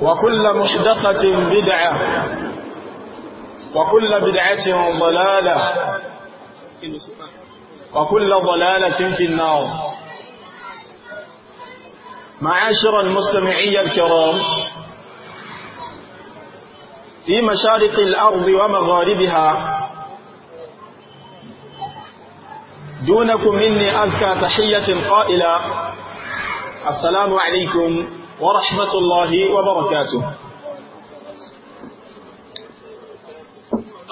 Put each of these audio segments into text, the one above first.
وكل محدثة بدعة وكل بدعة ضلالة وكل ضلالة في النار معاشر المستمعي الكرام في مشارق الأرض ومغاربها دونكم مني أذكى تحية قائلة السلام عليكم ورحمة الله وبركاته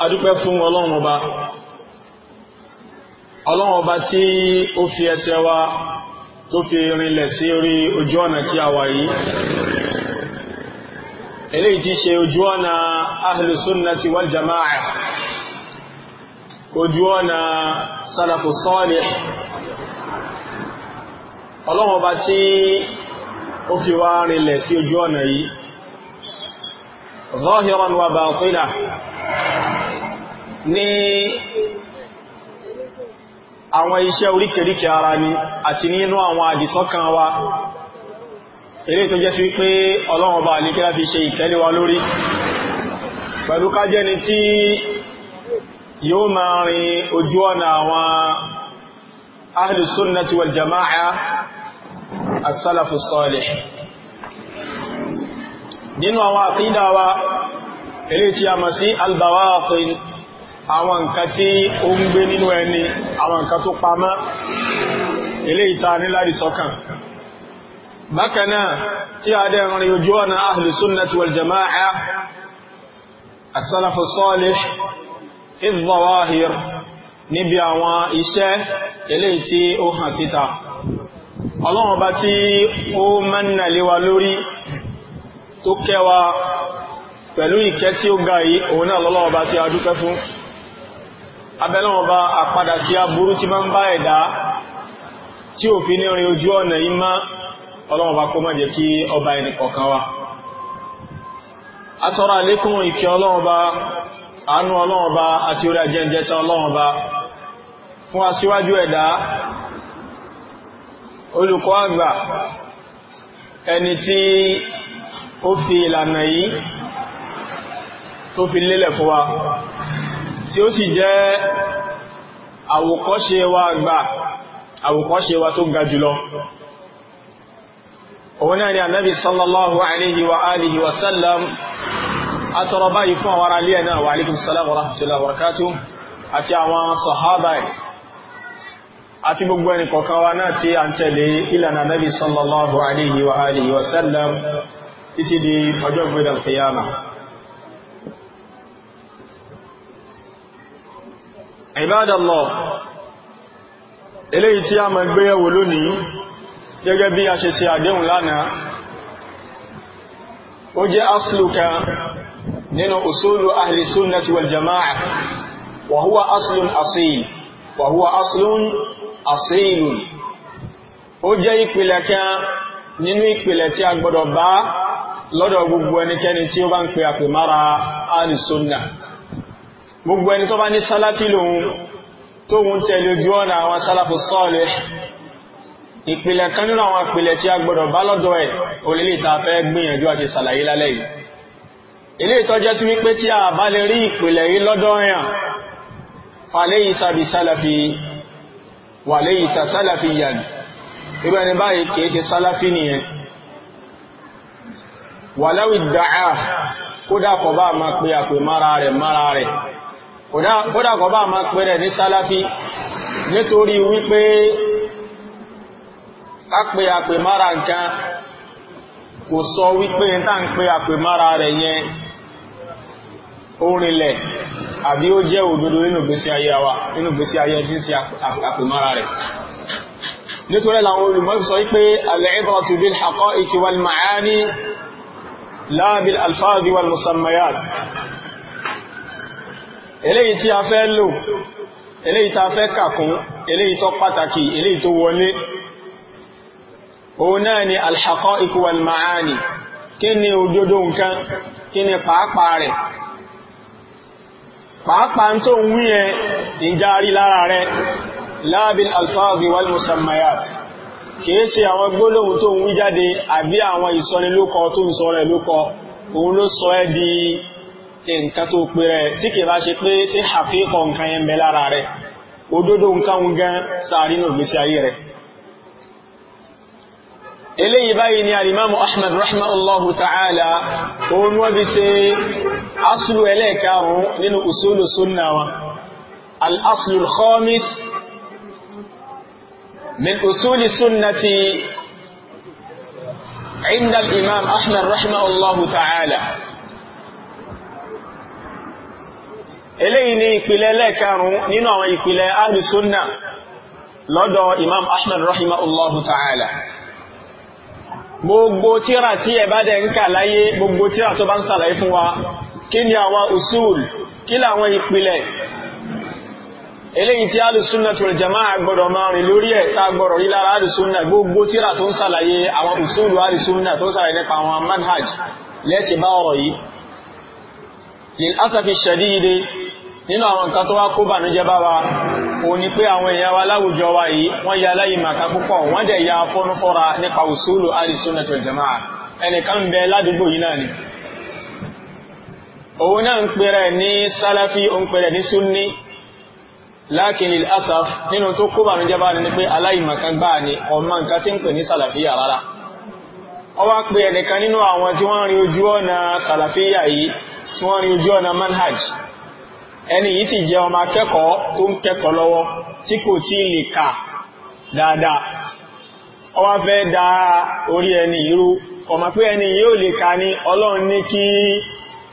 adúpẹ́ fún ọlọ́run ọba ọlọ́run ọba tí ó fi ẹsẹ̀ wa tó fi rinlẹ̀ sí orí ojú ọ̀nà tí a wà yìí eléyìí tí ṣe ojú ọ̀nà ahlu sunnati wal jama'a ojú ọ̀nà salafu salih ọlọ́run ọba tí ó fi wá rinlẹ̀ sí ojú ọ̀nà yìí zahiran wa batina ní àwọn iṣẹ́ oríkèríkè ara ni àti nínú àwọn àdìsọ́kàn wa eré tó jẹ́ sí pé ọlọ́run bá ní kí láti ṣe ìkẹ́lẹ̀ wa lórí pẹ̀lú ká jẹ́ni tí yóò máa rin ojú ọ̀nà àwọn ahlus sunnati wal jama'a as-salafu salih nínú àwọn àkídà wa ilé tí a mọ̀ sí al-bawatin àwọn nǹkan tí ó ń gbé nínú ẹni àwọn nǹkan tó pamọ́ ilé ìta níláàrí sọ́kàn bákanáà tí a dẹ̀ rìn ojú ọ̀nà ahlu sunnati jama'a as-salafu salih níbi àwọn iṣẹ́ ilé tí ó hàn síta ọlọ́run ọba tí ó mẹ́nà léwa lórí tó kẹwa pẹ̀lú ìkẹ́ tí ó ga yìí òun náà lọ́lọ́run ọba tí a dúpẹ́ fún abẹ́lọ́run ọba àpadà sí aburú tí máa ń bá ẹ̀dá tí ò fi ní rin ojú ọ̀nà yìí má ọlọ́run ọba kó má jẹ́ kí ọba ẹnì kọ̀ọ̀kan wa atọ́rọ àlékún ìkẹ́ ọlọ́run ọba àánú ọlọ́run ọba àti orí ajẹ́ǹjẹ́ta ọlọ́run ọba fún aṣíwájú ẹ̀dá olùkọ́ àgbà ẹni tí ó fi ìlànà yìí tó fi lélẹ̀ fún wa tí ó sì jẹ́ àwòkọ́ṣe wa àgbà àwòkọ́ṣe wa tó ga jùlọ òun náà ni ànábì sallallahu alaihi wa alihi wa sallam atọrọ báyìí fún àwọn aráalé náà wa alaikum salam wa rahmatullahi wa barakatuh àti àwọn sahaba àti gbogbo ẹni kọ̀kan wa náà tí a ń tẹ̀lé ìlànà nabi sallallahu alaihi wa alihi wa sallam títí di ọjọ́ gbẹ̀dẹ̀ alfiyama ibadallah eléyìí tí a mọ̀ gbéyẹ̀wò lónìí gẹ́gẹ́ bí a ṣe ṣe àdéhùn lánàá ó jẹ́ asluka nínú usulu ahli sunnati jama'a wa huwa aslun asil wa àṣíìlù ó jẹ́ ìpìlẹ̀ kan nínú ìpìlẹ̀ tí a gbọ́dọ̀ bá lọ́dọ̀ gbogbo ẹnikẹ́ni tí ó bá ń pè àpè mara gbogbo ẹni tó bá ní sálàfí lòun tó ń tẹ̀lé ojú ọ̀nà àwọn sálàfù sọ́ọ̀lẹ̀ ìpìlẹ̀ nínú àwọn ìpìlẹ̀ tí a gbọ́dọ̀ bá lọ́dọ̀ ẹ̀ ta fẹ́ sàlàyé lálẹ́ ilé ìtọ́jẹ́ wípé tí a bá lè rí ìpìlẹ̀ yìí وليس سلفيا ابن باي كيس سلفيني ولو ادعاه kódà kò bá máa pè àpè mara rẹ̀ mara rẹ̀ kódà kò bá máa pè rẹ̀ ní sálàfí nítorí wípé ká pè àpè mara nǹkan kò sọ wípé ń pè àpè mara rẹ̀ yẹn orinlẹ̀ àbí ó jẹ́ òdodo nínú ìgbésí ayé wa nínú ìgbésí ayé tí ń ṣe àpèmára rẹ̀ nítorí làwọn olùmọ̀ sọ wípé al-ibratu bil haqa'iqi wal ma'ani la bil musammayat eléyìí tí a fẹ́ lò eléyìí tá a fẹ́ kàkún eléyìí tó pàtàkì eléyìí tó wọlé òun náà ni al haqa'iqi wal kí ni òdodo nǹkan kí ni pàápàá rẹ̀ pàápàá tó ń wí yẹn ìjárí lára rẹ lábíl alfáàbí wal musammayat kìí ṣe àwọn gbólóhùn tó ń wí jáde àbí àwọn ìsọnilókọ tó ń sọ rẹ̀ lókọ òun ló sọ ẹ́ di nǹkan tó pè rẹ̀ tí kìí bá ṣe pé sí àfíkọ nǹkan yẹn bẹ lára rẹ̀ òdodo nǹkan gan sáà nínú ìgbésí ayé rẹ̀ eléyìí báyìí ni alimamu ahmed rahimahullahu ta'ala òun wọ́n fi ṣe aslu ẹlẹ́ẹ̀karùn nínú usulu sunna wa al-aslu al-khamis min usuli sunnati عند الإمام أحمد رحمه الله تعالى eléyìí ni ìpìlẹ̀ lẹ́ẹ̀karùn-ún nínú àwọn ìpìlẹ̀ ahlu sunna lọ́dọ̀ imam ahmed rahimahullahu ta'ala gbogbo tíra tí ẹ bá dẹ̀ ń kà láyé gbogbo tíra tó bá ń sàlàyé fún wa kí ni àwọn usul kí làwọn ìpìlẹ̀ eléyìí tí alùsùnà tó jẹmá àgbọ̀dọ̀ máa rìn lórí ẹ̀ tá gbọ̀rọ̀ rí lára alùsùnà gbogbo tíra tó ń sàlàyé àwọn usul alùsùnà tó sàlàyé nípa àwọn manhaj lẹ́sìn bá ọ̀rọ̀ yìí lil asafi shadidi nínú àwọn nǹkan tó wá kó bànújẹ́ bá wa o ni pé àwọn èèyàn wa láwùjọ wa yìí wọ́n ya aláìmọ̀ká púpọ̀ wọ́n dẹ̀ ya fọ́nfọ́ra nípa usulu al jama'a ẹnìkan ń bẹ ládùúgbò yìí náà ni òun náà ń pèrè ní sálàfí ń pèrè ní asaf nínú tó kó bànújẹ́ bá pé gbáà ni ọmọ nǹkan tí ń pè ní sálàfíyà rárá ó wá na ẹnìkan nínú àwọn tí wọ́n ojú ọ̀nà yìí tí wọ́n manhaj ẹni yìí sì jẹ́ ọmọ akẹ́kọ̀ọ́ tó ń kẹ́kọ̀ọ́ tí kò tí lè kà dáadáa ó wá fẹ́ da orí ẹni irú ọmọ pé ẹni yóò lè kà ní ọlọ́run ní kí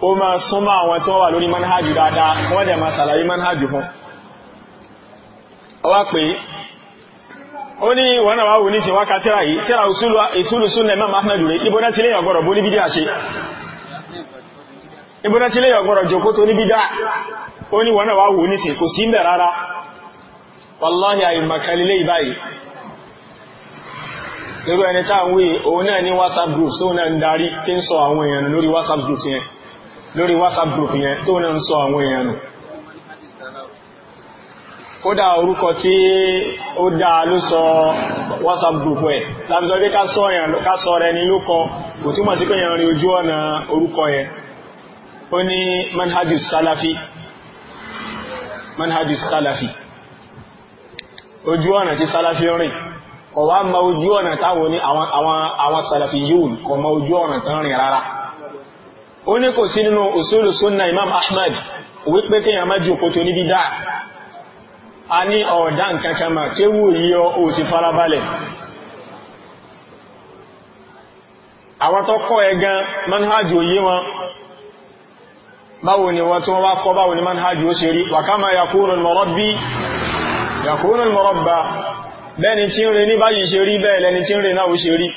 ó máa súnmọ́ àwọn tí wọ́n wà lórí manhajù dáadáa wọ́n dẹ̀ máa ṣàlàyé manhajù fún ó wá ó ní náà ní yìí tíra Onye ní wọ́n náà wá wò nísìn kò sí mẹ́ rárá ayi àìmàkàlélé ìbáyìí lórí ẹni táà ń wí òun náà ní whatsapp group tó náà ń darí tí ń sọ àwọn èèyàn lórí whatsapp group yẹn lórí whatsapp group yẹn tó náà ń sọ àwọn èèyàn kódà orúkọ tí ó dá ló sọ whatsapp group ẹ̀ lábísọ pé ká sọ rẹ ni ló kọ kò túmọ̀ sí pé yẹn rí ojú ọ̀nà orúkọ yẹn ó ní manhajus salafi manhaj salafi ojú ọ̀nà tí salafi rìn kò wá ma ojú ọ̀nà táwọn ní àwọn salafi yíò kò ma ojú ọ̀nà tán rìn rárá ó ní kò sí nínú usulu sunna imam ahmad wípé kí yàmá jù kò tó níbi dá a ní ọ̀dá nǹkan kan mà kéwù yíò ó sì farabalẹ̀ àwọn tó kọ́ ẹ̀gan manhaj òye wọn báwo ni wọ́n tí wọ́n wá kọ́ báwo ni manhaj ó ṣe rí wà kama yakunu al-murabbi yakunu al-murabba bẹ́ẹ̀ni tí ń rí ní báyìí ṣe rí bẹ́ẹ̀ lẹni tí ń rí náà ó ṣe rí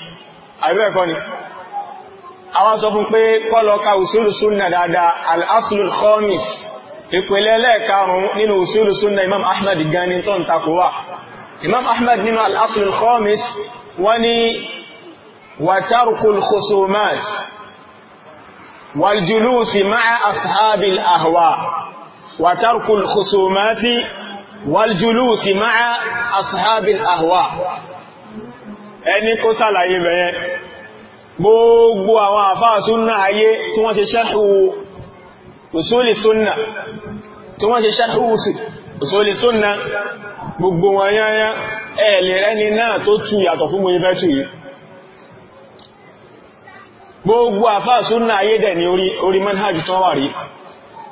àìbẹ́ẹ̀kọ́ ni àwọn sọ fún pé kọ́lọ ka usulu sunna dáadáa al-aslul khamis ìpìlẹ̀ lẹ́ẹ̀karùn-ún nínú usulu sunna imam ahmad gani tó ń takò wà imam ahmad nínú al-aslul khamis wọ́n ni wa tarkul والجلوس مع أصحاب الأهواء وترك الخصومات والجلوس مع أصحاب الأهواء ẹni kó sàlàyé bẹ̀yẹn gbogbo àwọn àfáà súnnà ayé tí wọ́n ti ṣẹ́hù usuli súnnà tí wọ́n ti ṣẹ́hù usuli súnnà gbogbo wọn yányá ẹ̀lẹ̀ ẹni náà tó tú yàtọ̀ fún mú ibẹ́ tú yìí gbogbo àfáà súnnà ayé dẹ̀ ní orí manhajj tán wà rí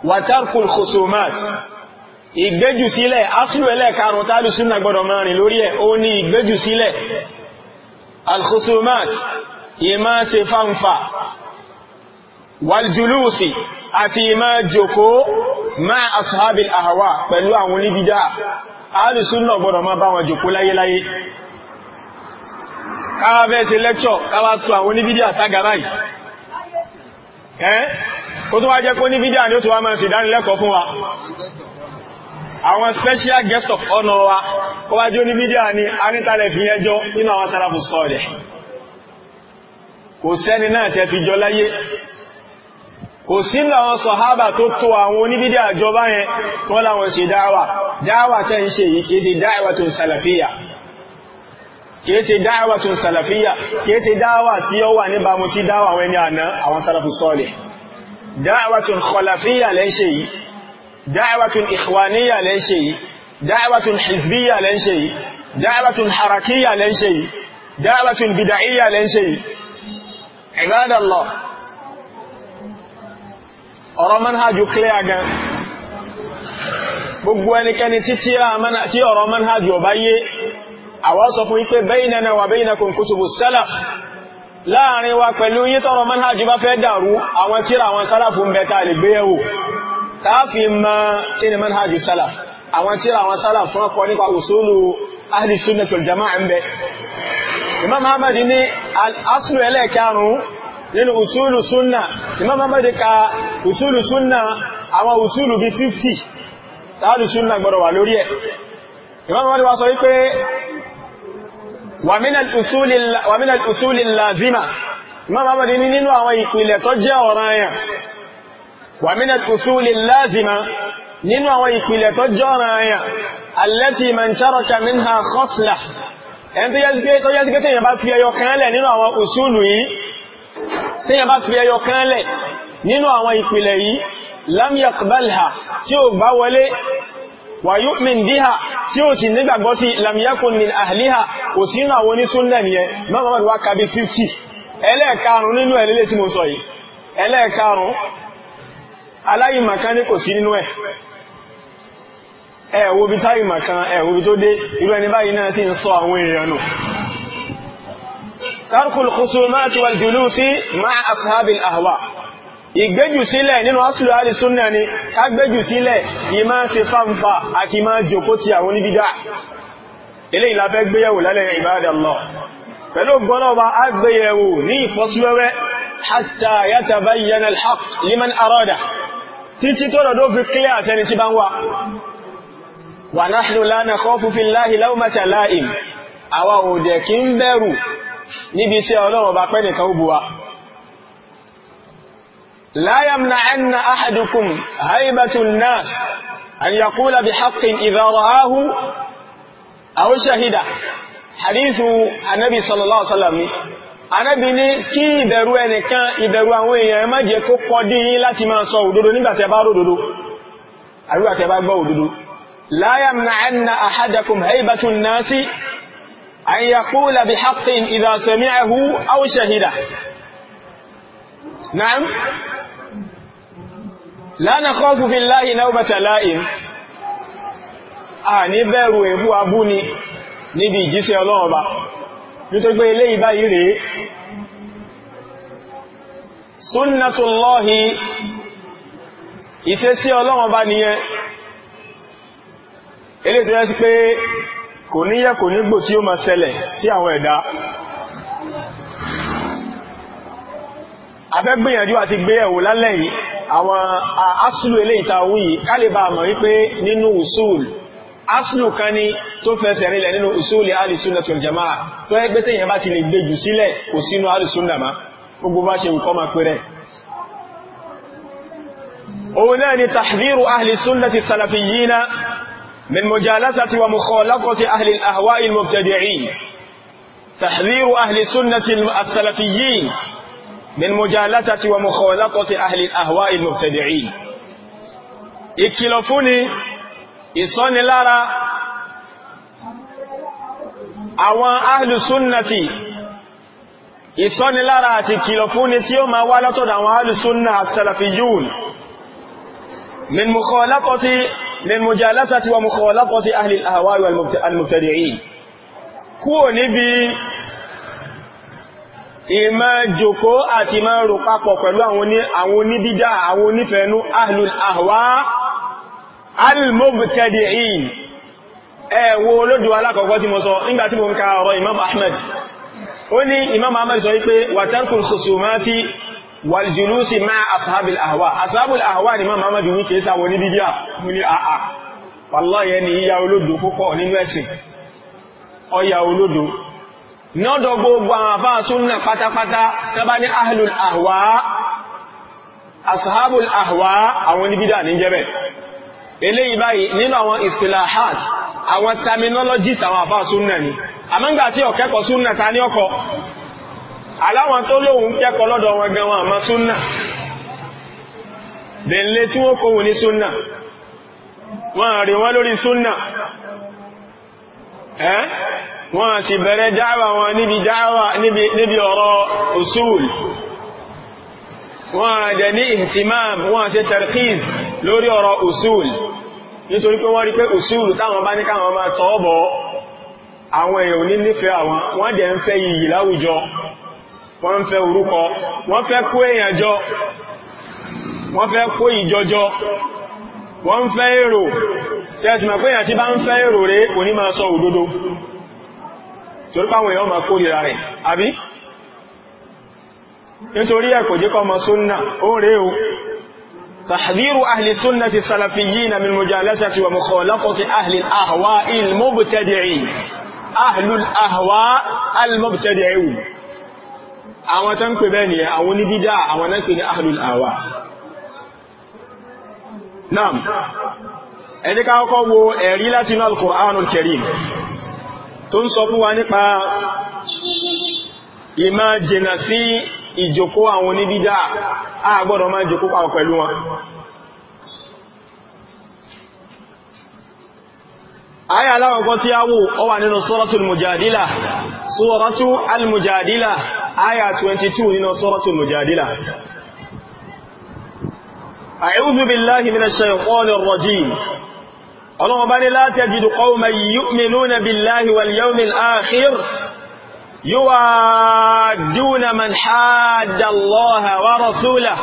watarkul khusumat ìgbéjù sílẹ̀ aslu ẹlẹ́ẹ̀karùn tálù súnnà gbọdọ̀ mẹ́rin lórí ẹ̀ ó ní ìgbéjù sílẹ̀ alkhusumat ìmá ṣe fánfà waljulusi àti ìmá jòkó ma ashabil ahawa pẹ̀lú àwọn oníbídá alùsúnnà gbọdọ̀ má bá wọn jòkó láyéláyé káwà lecture ṣe lẹ́kṣọ̀ káwà tó àwọn oníbídíà sága báyìí ẹ́ kó tó wá jẹ́ kó ni ó wá máa fún wa àwọn special guest of honor wa kó wá jẹ́ ni a fi yẹn jọ nínú àwọn sáràfù sọ́ọ̀lẹ̀ kò sẹ́ni náà tẹ́ fi jọ láyé kò sí láwọn sọ̀hábà tó tó àwọn oníbídíà jọba yẹn tó láwọn ṣe dáwà dáwà tẹ́ ń ṣe yìí ṣe dáwà kìí ṣe dáwà tún sàlàfíyà kìí ṣe dáwà tí ó wà níbàámu sí dáwà àwọn ẹni àná àwọn sàlàfù sọ́ọ̀lẹ̀ dáwà tún kọlàfíyà lẹ́ṣẹ̀ yìí dáwà tún ìkwàníyà lẹ́ṣẹ̀ yìí dáwà tún hizbíyà lẹ́ṣẹ̀ yìí dáwà tún harakíyà lẹ́ṣẹ̀ yìí dáwà tún bidàíyà lẹ́ṣẹ̀ yìí ibadallah ọ̀rọ̀ manhajù clear gan gbogbo ẹnikẹ́ni tí ọ̀rọ̀ manhajù ọ̀báyé àwa sọ fún wípé baynana wa baynakum kutubu salaf láàrin wa pẹ̀lú yí tọrọ manhajì bá fẹ́ dàrú àwọn tíra àwọn sálàfù ń bẹ̀ta lè gbé ẹwò káàfi ma kí ni manhajì sálàf àwọn tíra àwọn sálàfù wọ́n kọ nípa usulu ahli sunnah wal jama'a ń bẹ imam ahmad ní aslu ẹlẹ́ẹ̀kárùn-ún nínú usulu sunna imam ahmad ka usulu sunna àwọn usulu bí 50 táàlù sunna gbọ́dọ̀ wà lórí ẹ̀ imam ahmad wá sọ wípé wàmínà ìsúlì lázima imam ahmad ní nínú àwọn ìpìlẹ̀ tó jẹ́ ọ̀ranyàn wàmínà ìsúlì lázima nínú àwọn ìpìlẹ̀ tó jẹ́ ọ̀ranyàn allati man taraka minha khasla ẹni tó yẹ́ tó yẹ́ sí pé tí èyàn bá fi ẹyọ kan lẹ̀ nínú wà yóò mìn díhà tí ó sì nígbàgbọ́ sí lamiyakun min ahliha kò sí inú àwọn onísúnnà nìyẹn mọ́mọ́mọ́ wá kàbí 50 ẹlẹ́ẹ̀karùn nínú ẹ̀ lélé tí mo sọ yìí ẹlẹ́ẹ̀karùn aláìmọ̀kan ní kò sí nínú ẹ̀ ẹ̀wò bí táìmọ̀kan ẹ̀wò bí tó dé irú ẹni báyìí náà sì ń sọ àwọn èèyàn nù tarkul khusumat wal julusi ma'a ashabil ahwa ìgbéjù sílẹ̀ nínú asùlù alìsúnnà ni ká gbéjù sílẹ̀ ìmá ṣe fàǹfà àti máa jòkó ti àwọn oníbídá ilé ìlàfẹ́ gbéyẹ̀wò lálẹ́ ìbádàlọ́ pẹ̀lú gbọ́nàwà agbéyẹ̀wò ní ìfọ́síwẹ́wẹ́ hatta yatabayyana al-haqq liman لا يمنعن أحدكم هيبة الناس أن يقول بحق إذا رآه أو شهده حديث النبي صلى الله عليه وسلم Ànábì ní kí ìbẹ̀rù ẹnìkan ìbẹ̀rù àwọn èèyàn má jẹ́ kó kọ́ dí yín láti máa sọ òdodo nígbàtí ẹ bá rò òdodo àríwàtí ẹ bá gbọ́ òdodo la yamna'anna ahadakum haybatu nnasi an yaqula bihaqqin idha sami'ahu aw shahida Naam la nakhafu billahi nawmata la'im a ní bẹ̀rù èébú abú ni níbi ìjíṣẹ́ ọlọ́run ọba nítorí pé eléyìí báyìí rèé sunnatullahi ìṣesí ọlọ́run ọba nìyẹn eléyìí tó yẹ sí pé kò níyẹ kò nígbò tí ó àti gbé ẹ̀wò lálẹ́ yìí àwọn asùlù ilé ìtawí kálíbà mọ̀ wípé nínú usul asùlù kan ní tó fẹsẹ̀ rinlẹ̀ nínú usul alìsúnà tó jẹma tó ẹgbẹ́ tí èyàn bá ti lè gbéjù sílẹ̀ kò sínú alìsúnà má gbogbo bá ṣe wùkọ́ máa pẹ́rẹ́ òun náà ni tahdhiru alìsúnà ti salafiyina min mujalasati wa mukhalaqati ahli al-ahwa'i al-mubtadi'in tahdhiru ahli min mujalatati wa mukhalatati ahli ahwa al-mubtadi'in ìkìlọ̀ fúnni ìsọ́nilára àwọn ahlu sunnati ìsọ́nilára àti ìkìlọ̀ fúnni tí ó ma wá látọ̀dọ̀ àwọn ahlu sunna as-salafiyun min mukhalatati min mujalatati wa mukhalatati ahli ahwa al-mubtadi'in kúò níbi ìmá jòkó àti ìmá rò papọ̀ pẹ̀lú àwọn oníbídá àwọn onífẹ̀ẹ́nú ahlul ahwa al-mubtadi'in ẹ̀wọ́ olódò alákọ̀ọ́kọ́ tí mo sọ nígbàtí mo ń ka ọ̀rọ̀ imam ahmed ó ní imam ahmed sọ wípé wàtánkùn khusumati waljulusi ma'a ashabil ahwa ashabil ahwa ni imam ahmed ní kìí sáwọn oníbídá mú ní àà wallahi ni ìyá olódò púpọ̀ nínú ẹ̀sìn ọya nọ́dọ̀ gbogbo àwọn àfáà súnnà pátápátá tẹ́bá ní ahlul ahwa ashabul ahwa àwọn oníbídà ní jẹ́bẹ̀ eléyìí báyìí nínú àwọn istilahat àwọn terminologies àwọn àfáà súnnà ni àmọ́ngbà tí ọ̀kẹ́kọ̀ọ́ súnnà ta ní ọkọ̀ aláwọn tó lóhun kẹ́kọ̀ọ́ lọ́dọ̀ wọn gan wọn àmá súnnà bẹ̀ẹ̀lẹ́ tí wọ́n Wọn ní súnnà wọ́n rí lórí wọ́n sì bẹ̀rẹ̀ dáwà wọn níbi dáwà níbi ọ̀rọ̀ usul wọ́n dẹ̀ ní ihtimam wọ́n ṣe tarkhiz lórí ọ̀rọ̀ usul nítorí pé wọ́n rí pé usul táwọn bá ní káwọn máa tọ́ọ̀bọ̀ àwọn èèyàn ní nífẹ̀ẹ́ àwọn wọ́n dẹ̀ ń fẹ́ yìí wọ́n fẹ́ wọ́n fẹ́ kó èèyàn wọ́n fẹ́ kó ìjọjọ torí pàwọn èèyàn máa kórìíra rẹ̀ àbí nítorí ẹ̀kò jẹ́ kọ́ ma súnnà ó rẹ̀ o tahdhiru ahli sunnati salafiyyina min mujalasati wa mukhalaqati ahli al-ahwa'i al-mubtadi'in ahli al-ahwa'i al-mubtadi'in àwọn tán pè náà pè ní ahli tó ń sọ fún wa nípa ìmá jìnà sí ìjòkó àwọn oníbídá a gbọ́dọ̀ máa jòkó pàwọ̀ pẹ̀lú wọn ayà aláwọ̀ tí a wò ó wà nínú suratul mujadila suratu al-mujadila ayà 22 nínú suratul mujadila أعوذ بالله من الشيطان rajim ọlọ́wọ́ bá لا تجد قوما يؤمنون بالله واليوم الاخر يوادون من حاد الله ورسوله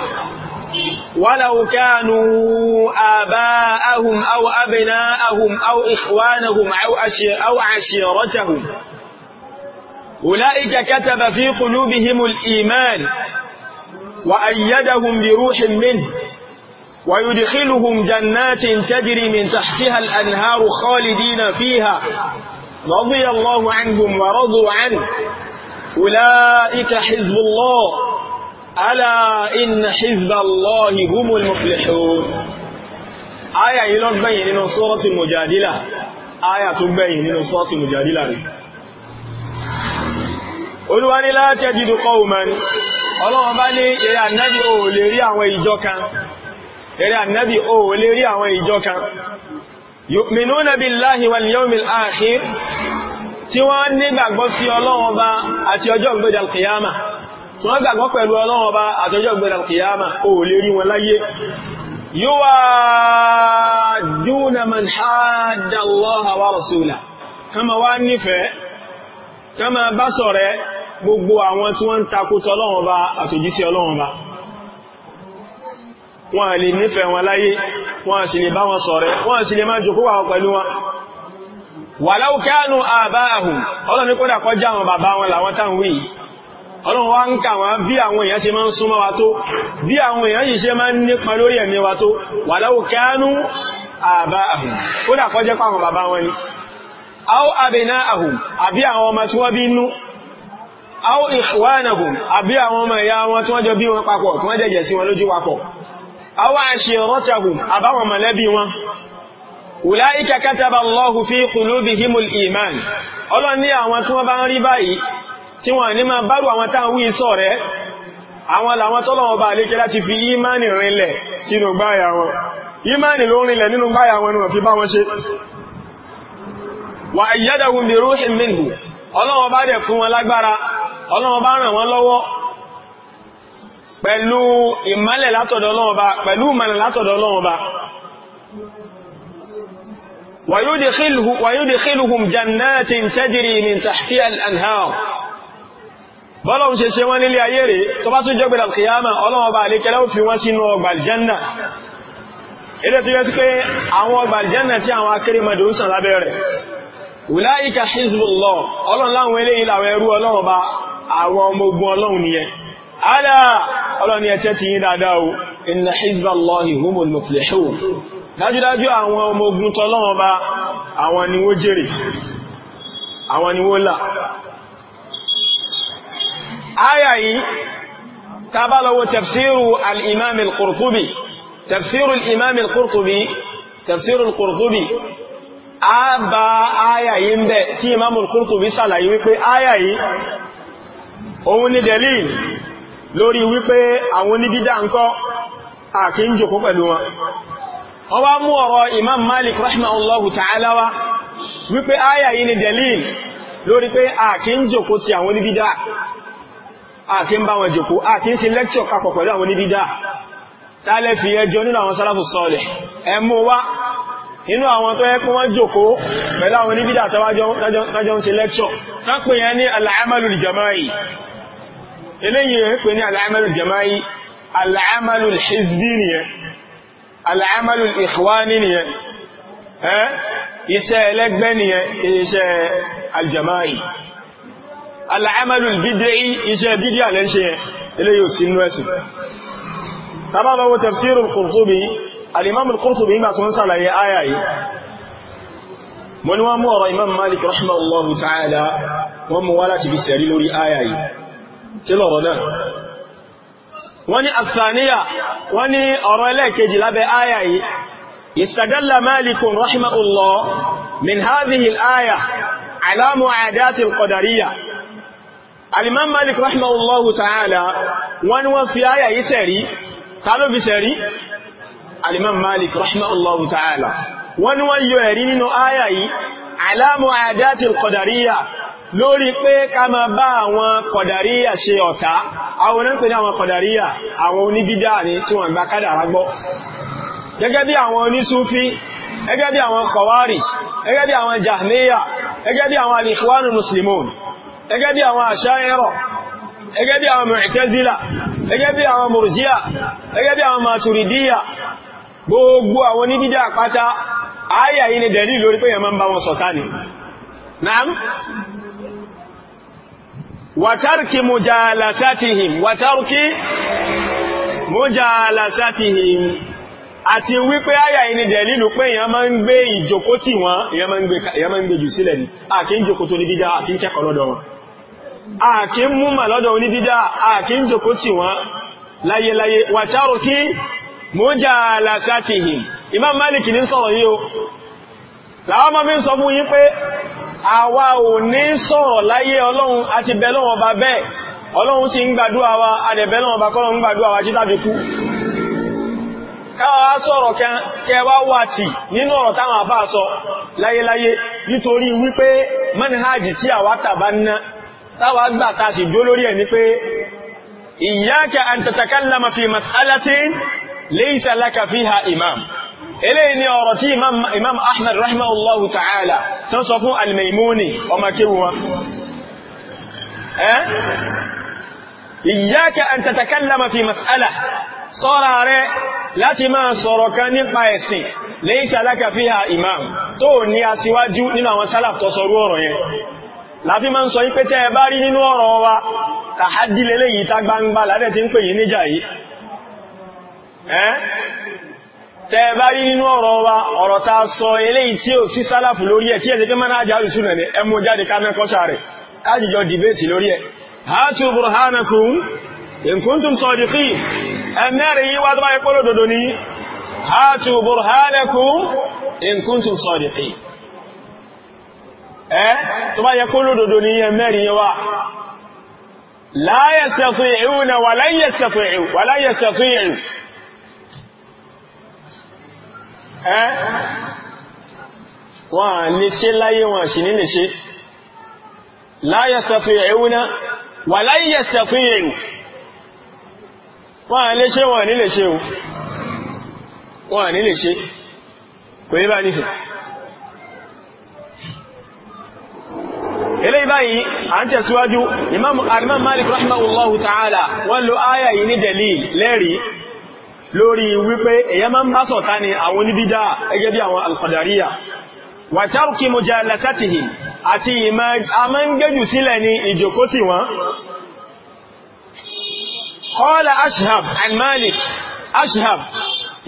ولو كانوا آباءهم أو أبناءهم أو إخوانهم أو عشيرتهم أولئك كتب في قلوبهم الإيمان وأيدهم بروح منه ويدخلهم جنات تجري من تحتها الأنهار خالدين فيها رضي الله عنهم ورضوا عنه أولئك حزب الله ألا إن حزب الله هم المفلحون آية يلقبين من سورة المجادلة آية تبين من سورة المجادلة قلوا لا تجد قوما الله bá ní النبي ànábì ò lè eré annabi o lè rí àwọn ìjọ kan yu'minuna billahi wal yawmil akhir tí wọ́n nígbàgbọ́ sí Ọlọ́run Ọba àti ọjọ́ ìgbèdà kìyàmà tí wọ́n gbàgbọ́ pẹ̀lú Ọlọ́run Ọba àti ọjọ́ ìgbèdà kìyàmà o lè rí wọn láyé yuwadduna man hadda Allaha wa rasulahu kama wá nífẹ̀ẹ́ kama bá ṣọ̀rẹ́ gbogbo àwọn tí wọ́n ń takò tọ́lọ́run àtòjísí Ọlọ́run Ọba wọn lè nífẹ̀ẹ́ wọn láyé wọn sì lè bá wọn ṣọ̀rẹ́ wọn sì lè máa jòkó wà pẹ̀lú wọn walau kanu aba'ahum ọlọ́ni kódà kọjá àwọn bàbá wọn làwọn tán wí ọlọ́run wá ń kà wọ́n bí àwọn èèyàn ṣe máa ń súnmọ́ wa tó bí àwọn èèyàn yìí ṣe máa ń nípa lórí ẹ̀mí wa tó walau kanu aba'ahum kódà kọjá pàwọn bàbá wọn ni aw abina'ahum àbí àwọn ọmọ tí wọ́n bí nú aw ikhwanahum àbí àwọn ọmọ ìyá wọn tí wọ́n jọ bí wọn papọ̀ tí wọ́n jẹ́jẹ̀ sí wọn lójú papọ̀ àwọn àṣírọ́tàhùn àbáwọn mọ̀lẹ́bí wọn ulaika kataba Allahu fi qulubihimul iman ọlọ́n ní àwọn tí wọ́n bá ń rí báyìí tí wọ́n ní ma bárù àwọn táwọn wí sọ rẹ̀ àwọn làwọn tọ́lọ̀wọ́ bá lékẹ́ láti fi ìmánì rinlẹ̀ sínú gbáyà wọn ìmánì ló rinlẹ̀ nínú gbáyà wọn fi bá wọn ṣe wa ayyadahum bi ruhin minhu ọlọ́wọ́ bá dẹ̀ fún wọn lágbára ọlọ́wọ́ bá ràn wọn lọ́wọ́ pẹ̀lú ìmálẹ̀ látọ̀dọ̀ Ọlọ́run Ọba pẹ̀lú ìmálẹ̀ látọ̀dọ̀ Ọlọ́run Ọba wàyúdìkílùhùm jannatin tajri min tahti al-anhar bọ́lọ̀ ṣe ṣe wọ́n nílé ayé rẹ̀ tó bá tún jọ́gbẹ̀rẹ̀ al-qiyama Ọlọ́run Ọba alékẹ́lẹ́ ó fi wọ́n sínú ọgbà aljanna ilé tó yẹ sí pé alá ọlọ́ni ẹ̀tẹ́ ti yí dáadáa o inna hizballahi humul muflihun dájúdájú àwọn ọmọ ogun tọ́lọ́wọ́ bá àwọn ni wó jèrè àwọn ni wó là áyà yìí tábàlọ́wọ́ tafsiru al-imam al-qurtubi tafsiru al-imam al-qurtubi tafsiru al-qurtubi òun ni dalil lórí wípé àwọn oníbídà ń kọ́ àkí ń jòkó pẹ̀lú wọn wọ́n wá mú ọ̀rọ̀ imam malik rahimahullahu ta'ala wá wípé áyà yìí ni delil lórí pé àkí ń jòkó ti àwọn oníbídà àkí ń bá wọn jòkó àkí ń ṣe lecture papọ̀ pẹ̀lú àwọn oníbídà tálẹ́ fi ẹjọ́ nínú àwọn sálàfù sọ́ọ̀lẹ̀ ẹ mú wá inú àwọn tó yẹ kí wọ́n jòkó pẹ̀lú àwọn oníbídà tọ́wájọ́ ń ṣe lecture tán yẹn ní al-amalu al-jama'i eléyìí rẹ̀ ń pè ní al'amalu jama'i al'amalu hizbi nìyẹn al'amalu ikhwani nìyẹn iṣẹ́ ẹlẹ́gbẹ́ nìyẹn iṣẹ́ aljama'i al'amalu bid'i iṣẹ́ bid'i alẹ́ṣẹ́ yẹn eléyìí ò sí inú ẹ̀sìn tàbá bá wọ́n tafsirul Qurtubi al-imam al-Qurtubi ìgbà tó ń sàlàyé mo ni wọ́n mú ọ̀rọ̀ imam Malik rahimahullahu ta'ala wọ́n mú wá láti fi sẹ̀rí lórí áyà kí lọ́rọ̀ náà wọ́n ní àfàníyà wọ́n ní ọ̀rọ̀ ẹlẹ́ẹ̀kejì lábẹ́ áyà yìí ìsàdálà máàlìkùn rahimahullah min hadhihi al-aya ala mu'adati al-qadariyya al-imam malik rahimahullahu ta'ala wọ́n ní wọ́n fi áyà yìí sẹ̀rí ta ló fi sẹ̀rí al-imam malik rahimahullahu ta'ala wọ́n ní wọ́n yọ ẹ̀rí nínú áyà yìí ala mu'adati al-qadariyya lórí pé ká ma bá àwọn kọ̀dàríyà ṣe ọ̀tá àwọn onípe ní àwọn kọ̀dàríyà àwọn oníbídá ní tí wọ́n gba kádàrá gbọ́ gẹ́gẹ́ bí àwọn onísúfí gẹ́gẹ́ bí àwọn kọwárì gẹ́gẹ́ bí àwọn jahmiya gẹ́gẹ́ bí àwọn alìṣwánù muslimun gẹ́gẹ́ bí àwọn àṣáyẹrọ gẹ́gẹ́ bí àwọn mu'tazila gẹ́gẹ́ bí àwọn murjiya gẹ́gẹ́ bí àwọn maturidiya gbogbo àwọn oníbídá pátá ayayi ni dẹ̀lì lórí pé yẹn máa ń bá wọn ṣọ̀tá ni wàtàrkì mujalasatihim wàtàrkì mujalasatihim àti wípé àyà yìí ni dẹ̀lílù pé èyàn máa ń gbé ìjòkó tì wọ́n èyàn máa ń gbé jù sílẹ̀ ní àkí ń jòkó tó ní dídá àkí ń lodo lọ́dọ̀ wọn àkí ń múmà lọ́dọ̀ ní dídá àkí ń jòkó tì wọ́n láyéláyé wàtàrkì mujalasatihim Imam Malik ní sọ̀rọ̀ yìí láwọn máa fi ń sọ fún yín pé àwa ò ní sọ̀rọ̀ láyé ọlọ́run àti bẹ̀lọ́run ọba bẹ́ẹ̀ ọlọ́run sì ń gbàdúrà wa adẹ̀bẹ̀lọ́run ọba kọ́lọ́run gbàdúrà wa títà fi kú káwàá sọ̀rọ̀ kẹwàá wà tì nínú ọ̀rọ̀ táwọn àbá sọ láyéláyé nítorí wípé manhajì tí àwa tàbá ná táwa gbà ta sì dó lórí ẹ̀ ní pé iyyaka an tatakallama fi mas'alatin laysa laka fiha imam eléyìí ni ọ̀rọ̀ tí imam ahmed rahimahullahu ta'ala tán sọ fún al-maimuni ọmọ kéwù wọn iyyaka an tatakallama fi mas'ala sọ́ra rẹ̀ láti máa sọ̀rọ̀ kan nípa ẹ̀sìn laysa laka fiha imam tó ní aṣíwájú nínú àwọn sálàf tó sọrú ọ̀rọ̀ yẹn láti máa sọ ipé tẹ́ bá rí nínú ọ̀rọ̀ wa tàhádìlélé tá gbangba ládẹ́ ti ń pè yìí níjà yìí tẹ bá rí nínú ọ̀rọ̀ wa ọ̀rọ̀ ta sọ eléyìí tí ò sí sálàfù lórí ẹ̀ tí ẹ̀ tẹ́kẹ́ mẹ́rin àjá ìṣúná ní ẹmú jáde ká rẹ̀ kájíjọ dìbẹ́tì lórí ẹ̀ hátù burhanakum in kuntum sadiqin ẹmẹ́rin yíwá tó bá pọ́lọ̀ dodo ní hátù burhanakum in kuntum sadiqin wọ́n à ní ṣe láyé wọn sì ní lè ṣe láyé sàfihàn ewu náà wà láyé sàfihàn ewu wọ́n à lè ṣe wọ́n ní lè ṣe o wọ́n ní lè ṣe kò ní bá nífẹ̀ ilé báyìí a ń tẹ̀síwájú imam Malik rahimahullahu ta'ala wọ́n lo áyà yìí ní dalil lẹ́rìí lórí wípé èyẹ máa ń bá sọ̀tá ni àwọn oníbídá ẹgẹ́ bí àwọn alkọ̀dàríyà wà tárùkí mú jẹ́ lẹ́sẹ́tìhì àti ìmọ̀ ń gẹ́jù sílẹ̀ ní ìjòkótì wọn kọ́lá ashab and malik ashab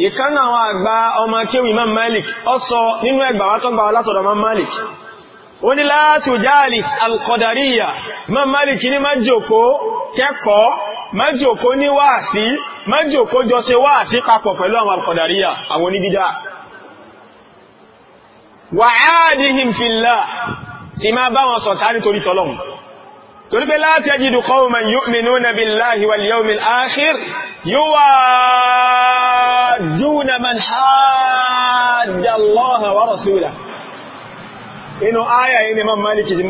ìkánà àwọn àgbà ọmọ kéwì imam malik ọ sọ nínú ẹgbà wátọ́gbà malik ó ní látù jáàlis malik ní má jòkó kẹ́kọ̀ọ́ má jòkó níwáàsí mẹ́jọ kójọ ṣe wá sí kapọ̀ pẹ̀lú àwọn alkọ̀dàríyà àwọn onígidá wà áàdìhìn fìlá sí máa bá wọn sọ̀tá nítorí tọ́lọ̀mù torí pé láti tajidu qawman yu'minuna billahi wal ni mọ́ málìkì ti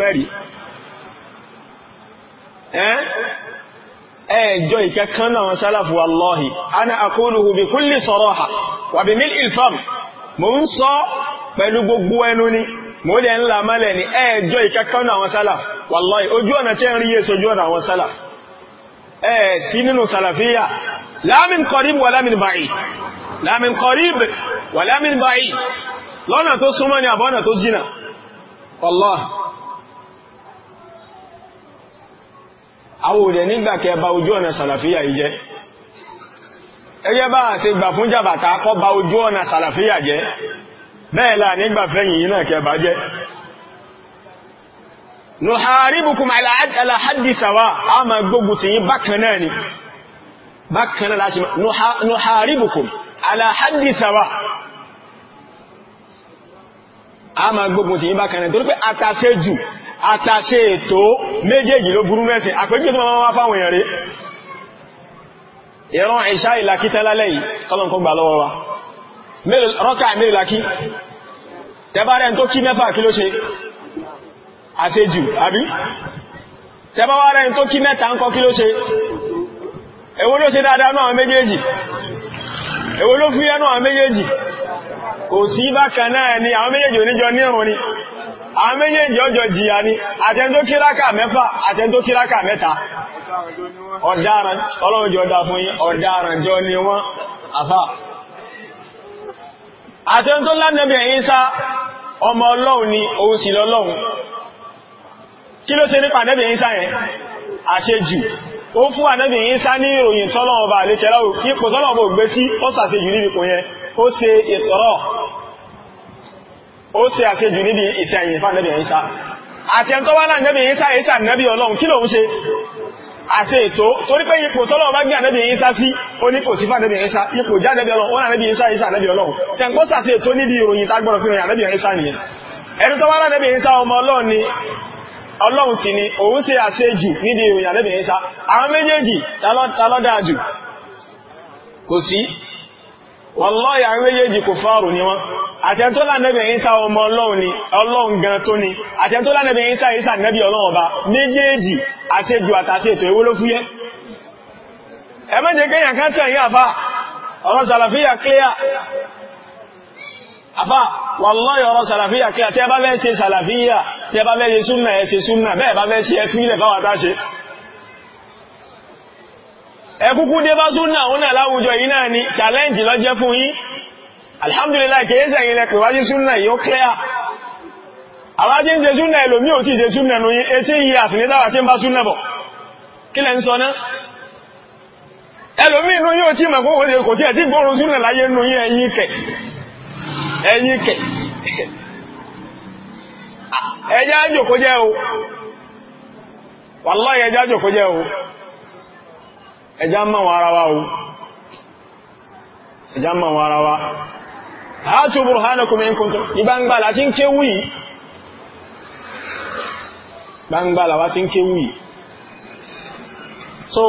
ẹjọ́ ìkẹ́kán náà sálàfù wallahi ana aquluhu bi kulli saraha wà bí mil ilfam mo ń sọ pẹ̀lú gbogbo ẹnu ni mo dẹ̀ ń la mẹ́lẹ̀ ni ẹjọ́ ìkẹ́kán náà sálàfù wallahi ojú ọ̀nà tí ń rí àwọn òdẹ̀ nígbà kẹ bà ojú ọ̀nà sàlàfíà yìí jẹ́ ẹgẹ́ bá ṣe gbà fún jàbàtà kọ́ bà ojú ọ̀nà sàlàfíà jẹ́ bẹ́ẹ̀ là nígbà fẹ́yìn yìí náà kẹ bà jẹ́ nùhàríbùkùn aláhàdì sàwà a ma gbógun ti yí bákan náà ni bákan náà láti nùhàríbùkùn aláhàdì sàwà a ma gbógun ti bákan náà torípé àtàṣẹ́jù àtàṣe ètò méjèèjì ló burú mẹ́sìn àpéjú tó máa wá fáwọn èèyàn rí ìran ìṣá ìlàkítà lálẹ́ yìí kọ́lọ̀nkọ́ gbà lọ́wọ́ wa rọ́kà mẹ́lìlákí tẹbárẹ̀ tó kí mẹ́fà kí ló ṣe àṣejù àbí tẹbárẹ̀ tó kí mẹ́ta ń kọ́ kí ló ṣe èwo ló ṣe dáadáa náà méjèèjì èwo ló fúyẹ́ náà méjèèjì kò sí bákan náà ni àwọn méjèèjì oníjọ ní ọ̀run ni àwọn méjèèjì ọjọ́ jìyà ni àtẹ́ntó kíráka mẹ́fà àtẹ́ntó kíráka mẹ́ta ọ̀daràn ọlọ́run jọ dá fún yín ọ̀daràn jọ ni wọ́n àfà àtẹ́ntó lánàbẹ̀ yìí sá ọmọ ọlọ́run ni òun sì lọ́lọ́run kí ló ṣe nípa ànẹ́bẹ̀ yìí sá yẹn àṣejù ó fún ànẹ́bẹ̀ yìí sá ní ìròyìn tọ́lọ́run ọba àlékẹ́lá ó ṣe àṣejù níbi ìṣẹ́ àyìn fún ànẹ́bì Ìsá àti ẹ̀ntọ́ wá náà nẹ́bì Ìsá Ìsá nẹ́bì ọlọ́run kí lòun ṣe àṣẹ ètò torí pé ipò tọ́lọ́run bá gbé ànẹ́bì Ìsá sí ó ní kò sí fún ànẹ́bì Ìsá ipò já ànẹ́bì ọlọ́run ó ànẹ́bì Ìsá Ìsá ànẹ́bì ọlọ́run tẹ̀ǹkọ́ sàṣẹ ètò níbi ìròyìn tágbọ́n fi hàn ànẹ́bì Ìsá nìyẹn ẹni tó wá ànẹ́bì Ìsá ọmọ ọlọ́run ni ọlọ́run sì ni òun ṣe àṣejù níbi ìròyìn ànẹ́bì Ìsá àwọn méjèèjì talọ́dáa jù kò sí wallahi àwọn méjèèjì kùfárù ni wọ́n àtẹ́ntó lánàbì Ìsá ọmọ ọlọ́run ni ọlọ́run gan tó ni àtẹ́ntó lánàbì Ìsá Ìsá nẹ́bí ọlọ́run ọba méjèèjì àṣejù àtàṣe ètò ewó ló fúyẹ́ ẹmẹ́jẹ̀ kẹ́yàn kan tẹ̀ yí àfá ọ̀rọ̀ sàlàfíyà clear àfá wallahi ọ̀rọ̀ sàlàfíyà clear tẹ́ bá fẹ́ ẹkúkú dé bá súnà òun náà láwùjọ yìí náà ni challenge lọ jẹ́ fún yín alhamdulillah kèéṣẹ̀ yìí lẹ́pẹ̀ wájú súnà yìí ó clear àwájí ń ṣe súnà ẹlòmí ò tí ṣe súnà nù yí etí yìí àfìlédáwà tí ń bá súnà bọ̀ kí lẹ́ ń sọ náà ẹlòmí inú yóò tí mọ̀ kó tí ẹ̀ tí gbóòrùn súnà láyé nù yí ẹ̀yìn kẹ̀ ẹ̀yìn kẹ̀ ẹjá jòkó jẹ́ o wàláyé ẹjá jòkó jẹ́ o ẹjá mọ̀ wọn ara wa o ẹjá Ha wọn ha wa hatu burhanakum in kuntum ti yìí so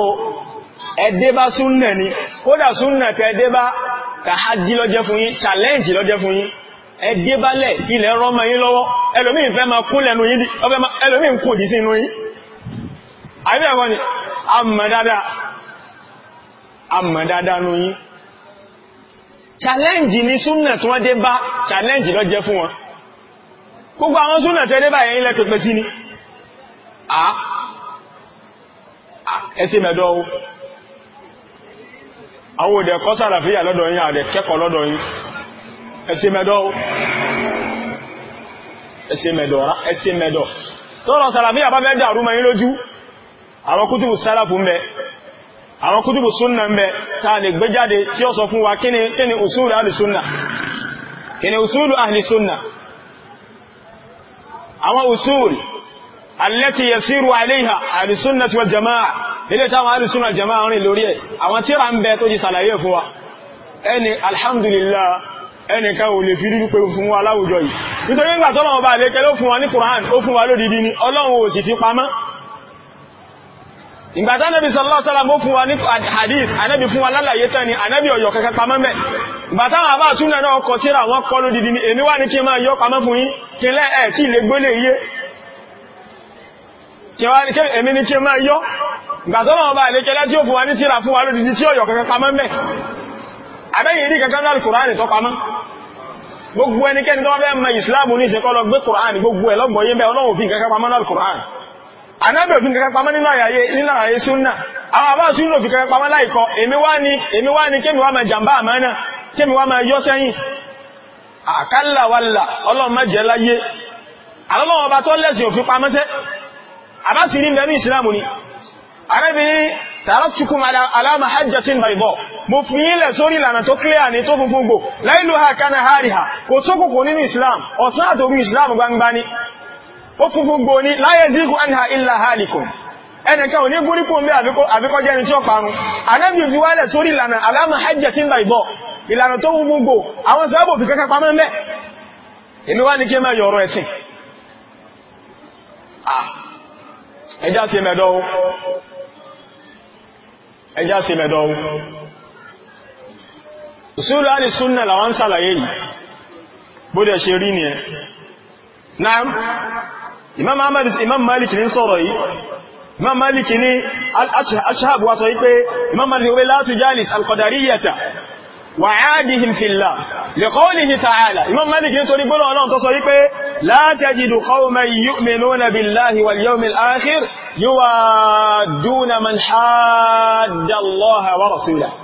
Edeba súnnà ni kódà súnnà tẹ ka ha tàhájí lọ́jẹ́ fún yín challenge lọ́jẹ́ fún yín ẹdé ilẹ̀ rọmọ yín lọ́wọ́ ẹlòmíì fẹ́ máa elomi lẹ́nu yín kò sí yín ni àmọ̀ dáadáa nú yín challenge ni súnà tí wọ́n dé bá challenge lọ jẹ́ fún wọn gbogbo àwọn súnà tí wọ́n dé bá yẹn ilẹ̀ pẹ̀pẹ̀ sí ni à ẹsẹ̀ mẹ́dọ́ o àwọn òdẹ̀ kọ́ sàràfíà lọ́dọ̀ yín àdẹ̀ kẹ́kọ̀ọ́ lọ́dọ̀ yín ẹsẹ̀ mẹ́dọ́ o ẹsẹ̀ mẹ́dọ̀ rá ẹsẹ̀ mẹ́dọ̀ tọ́rọ sàràfíà bá fẹ́ dàrú mọ́ yín lójú àwọn kútùbù sálàfù ń bẹ àwọn kútùbù súnnà ń bẹ ta lè gbé jáde tí ó sọ fún wa kí ni usulu ahli súnnà kí ni usulu ahli súnnà àwọn usul allati yasiru alayha ahli sunnati wal jama'a nílé táwọn ahli sunnati wal jama'a rìn lórí ẹ̀ àwọn tíra ń bẹ tó jí sàlàyé fún wa ẹni alhamdulillah ẹnìkan ò lè fi rí ìgbàtà anábi sallallahu alaihi wasallam fún wa ní hadith anábi fún wa lálàyé tán ni anábi ọ̀yọ̀ kẹkẹ pamọ́ mẹ́ ìgbàtà àwọn àbá súnà náà kọ tíra wọn kọ ló dìdí ni èmi wà ní kí máa yọ pamọ́ fún yín kí lẹ́ ẹ̀ tí lè gbélé iye èmi ní kí máa yọ ìgbàtà wọn bá lè kẹlẹ́ tí ó fún wa ní tíra fún wa ló dìdí tí ọ̀yọ̀ kẹkẹ pamọ́ mẹ́ abẹ́yìn ìdí kankan náà kùránì tó pamọ́ gbogbo ẹnikẹ́ni tó wá fẹ́ mọ ìsìláàmù ní ìṣẹ́kọ́ lọ gbé kùránì gbogbo ẹ̀ lọ́gbọ̀ọ́yé bẹ́ẹ̀ ọlọ́run pamọ́ náà kùránì anábì òfin kankan pamọ́ nínú àyàyé nínú àyàyé súnà àwọn àbá súnà òfin kankan pamọ́ láìkọ èmi wá ní èmi wá ní kémi wá máa jàmbá àmánà kémi wá máa yọ sẹ́yìn àkálà wàlà ọlọ́run má jẹ́ láyé àlọ́lọ́wọ́ ọba tó lẹ́sìn òfin pamọ́ sẹ́ àbá sì ni arábìnrin tààràtùkùn aláàmà hajjatin baibọ̀ mo fi ilẹ̀ sórí ìlànà tó kílẹ̀ ní tó funfun gbò láìlú ha kánà hàrí ha kò tó kòkò nínú islam ọ̀tún àtòrú islam gbangba ni ó kún fún gbóní láyé díkù anha illa halikun ẹnìkan ò ní gúríkù ń bẹ àbíkọjẹ́ ẹni tí ó parun anábì fi wálẹ̀ sórí ìlànà aláàmà hajjẹ̀ tí ń bàìbọ̀ ìlànà tó wú gbogbo àwọn sábò fi kẹ́kẹ́ pamọ́ mẹ́ èmi wá ní kí mẹ́ yọ̀rọ̀ ẹ̀sìn ẹjá sí mẹ́dọ́ ẹjá sí mẹ́dọ́ ìṣúra ní súnnà làwọn sàlàyé yìí bó dẹ̀ ṣe rí ni ẹ̀ náà imam ahmad imam malik ní sọ̀rọ̀ yìí imam malik ní al-ashhab wa sọ wípé imam malik wípé la tujalis al-qadariyata wa aadihim fillah liqawlihi ta'ala imam malik ní torí gbọ́nà ọlọ́run tó sọ wípé la tajidu qawman yu'minuna billahi wal yawmil akhir yuwadduna man hadda allaha wa rasulahu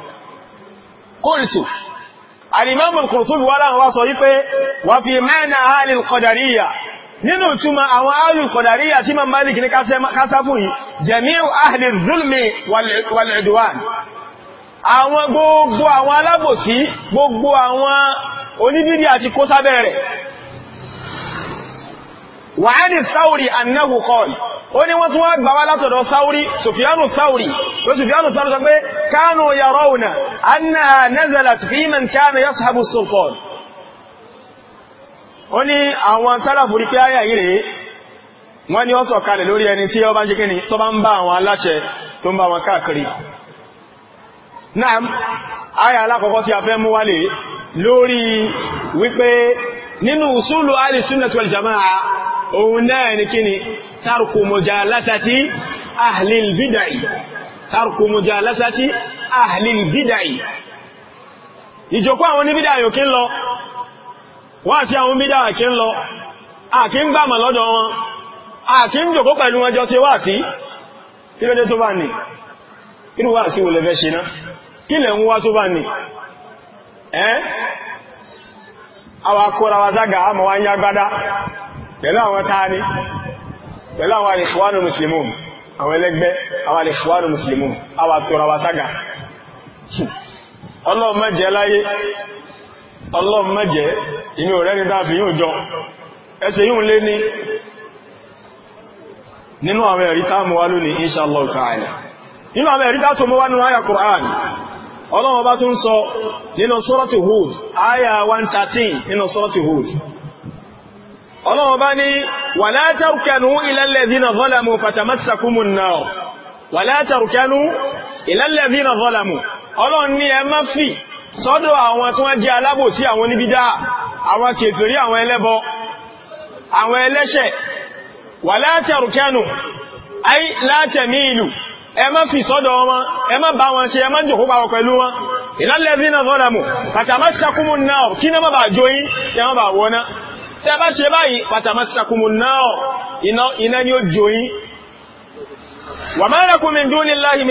qultu al sọ wípé wa fi ma'na ahli al nínú túnmà àwọn alùl kọ̀dàríyà tí ma Malik ní kásáfún yìí jami'u ahli zulmi wal udwan àwọn gbogbo àwọn alábòsí gbogbo àwọn onídídí àti kó sábẹ̀rẹ̀ wà á ní sáúrí annahu qala ó ní wọ́n tún wá gbà wá látọ̀dọ̀ sáúrí sùfíánù sáúrí ló sùfíánù sáúrí sọ pé kánù yarawna annaha nazalat fi man kana yashabu sultan ó ní àwọn sálàfù rí pé ayà yìí rèé wọ́n ní ó sọ̀kalẹ̀ lórí ẹni tí ó bá ń jẹ́ kíni tó bá ń bá àwọn aláṣẹ tó ń bá wọn káàkiri náà ayà alákọ̀ọ́kọ́ tí a fẹ́ mú wálé lórí wípé nínú usulu al-sunnah wal jama'a òun náà ni kíni tarku mujalasati ahlil bid'ah tarku mujalasati ahlil bid'ah ìjòkó àwọn oníbídà yòókín wá sí àwọn bídá àkí ń lọ àkí ń gbàmà lọ́dọ̀ wọn àkí ń jòkó pẹ̀lú wọn jọ sí wá sí kí ló tó bá ní irú wá sí olè fẹ́ ṣe ná kí lẹ̀ ń wá tó bá ẹ́ àwọn wa sága àmọ́ wá ń yá gbádá pẹ̀lú àwọn táàrí pẹ̀lú àwọn àwọn àwọn ọlọ́run mẹ́jẹ́ inú rẹ̀ ní dáàfi yóò jọ ẹsẹ̀ yóò lé ní nínú àwọn ẹ̀rí táàmù wá lónìí insha Allah ta'ala nínú àwọn ẹ̀rí táàtò mọ́ wá nínú àyà Qur'an ọlọ́run bá tún sọ nínú Suratu Hud àyà 113 nínú Suratu Hud ọlọ́run bá ní wala tarkanu ila alladhina zalamu fatamassakumun nar wala tarkanu sọ́dọ̀ àwọn tí wọ́n jẹ́ alábòsí àwọn oníbídá àwọn kèfèrí àwọn ẹlẹ́bọ àwọn ẹlẹ́ṣẹ̀ wà látẹ̀rùkẹ́nù ayi látẹ̀mí ìlú ẹ má fi sọ́dọ̀ wọn ẹ má bá wọn ṣe ẹ má jòkó bá wọn pẹ̀lú wọn ìlàlẹ́bí náà sọ́dọ̀ mù pàtàmásítakúmù náà kí náà bá jóyín ẹ má bá min dunillahi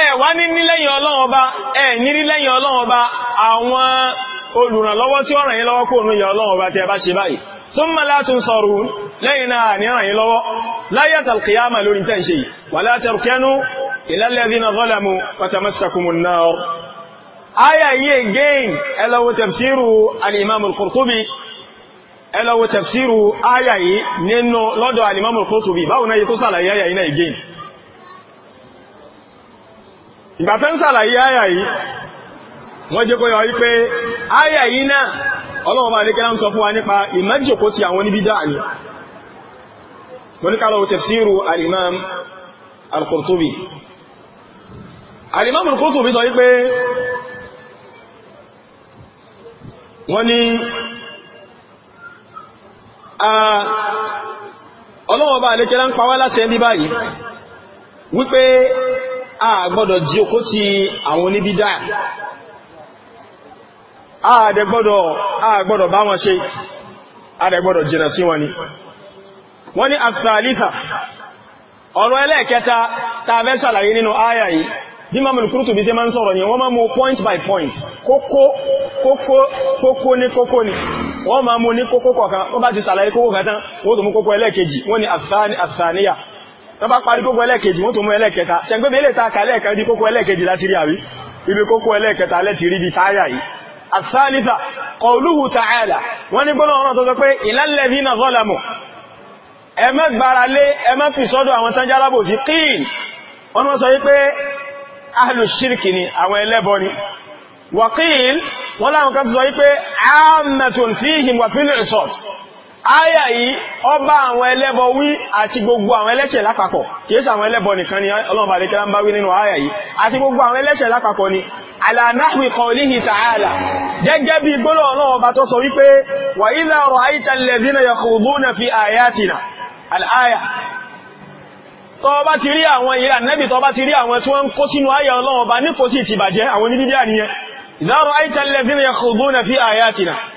ẹ wá ní nílẹ́yìn Ọlọ́run ọba ẹ ní nílẹ́yìn Ọlọ́run ọba àwọn olùrànlọ́wọ́ tí ó ràn yín lọ́wọ́ kóòrùn yà Ọlọ́run ọba tí ẹ bá ṣe báyìí thumma la tunsarun lẹ́yìn náà ní ràn nínú lọ́dọ̀ al-imam báwọn náà tó sàlàyé aya náà again ìgbàtẹ́ ń sàlàyé àyà yìí wọ́n jẹ́ kó yọ wípé àyà yìí náà ọlọ́wọ́ bá ní kẹ́lá ń sọ fún wa nípa ìmẹ́jọkó ti àwọn níbi dáa ni wọ́n ní kálọ̀ tafsiru al-imam sọ wípé wọ́n ní ọlọ́wọ́ ní kẹ́lá ń pawá láti ẹni wípé a gbọ́dọ̀ jí okó ti àwọn oníbídà a dẹ̀ gbọ́dọ̀ a gbọ́dọ̀ bá wọn ṣe a dẹ̀ gbọ́dọ̀ jìnà sí wọn ni wọ́n ni afsalifa ọ̀rọ̀ ẹlẹ́ẹ̀kẹta tàbẹ́ sàlàyé nínú áyà yìí bí Imamul Qurtubi ṣe máa ń sọ̀rọ̀ ni wọ́n máa mú point by point kókó kókó kókó ní kókó ni wọ́n máa mú ní kókó kọ̀ọ̀kan wọ́n bá ti sàlàyé kókó kàtán wọ́n tó mú kókó ẹlẹ́ẹ̀kejì wọ́n ni àtàníyà tó bá parí kókó ẹlẹ́ẹ̀kejì wọ́n tó mú ẹlẹ́ẹ̀kẹta ṣẹ̀gbẹ́bẹ̀ ilé ta kàlẹ́ ẹ̀kan di kókó ẹlẹ́ẹ̀kejì láti rí àrí ibi kókó ẹlẹ́ẹ̀kẹta lẹ́ti rí bí táyà yìí àtsáàlìsà qawluhu ta'ala wọ́n ní gbọ́nà ọ̀nà tó sọ pé ìlàlẹ́dínà zọ́làmù ẹmẹ́ gbára lé ẹmẹ́ fi sọ́dọ̀ àwọn tán jálábò sí kíìn wọ́n wọ́n sọ wípé ahlu shirki ni àwọn ẹlẹ́bọ ni wàkíìn wọ́n láwọn kan sọ wípé àmẹ́tùn fíhìm wà fílẹ̀ Áyà yìí, ọba àwọn ẹlẹ́bọ wí àti gbogbo àwọn ẹlẹ́ṣẹ̀ lápapọ̀. Kìí ṣe àwọn ẹlẹ́bọ nìkan ni Ọlọ́run bá lè kí lámbá wí nínú áyà yìí. Àti gbogbo àwọn ẹlẹ́ṣẹ̀ lápapọ̀ ni. Ala nahwi qawlihi ta'ala. Gẹ́gẹ́ bí gbólóhùn Ọlọ́run ọba tó sọ wípé, Wa idha ra'ayta alladhina yakhuduna fi kò sí ìtìbàjẹ́ àwọn onídídí àníyàn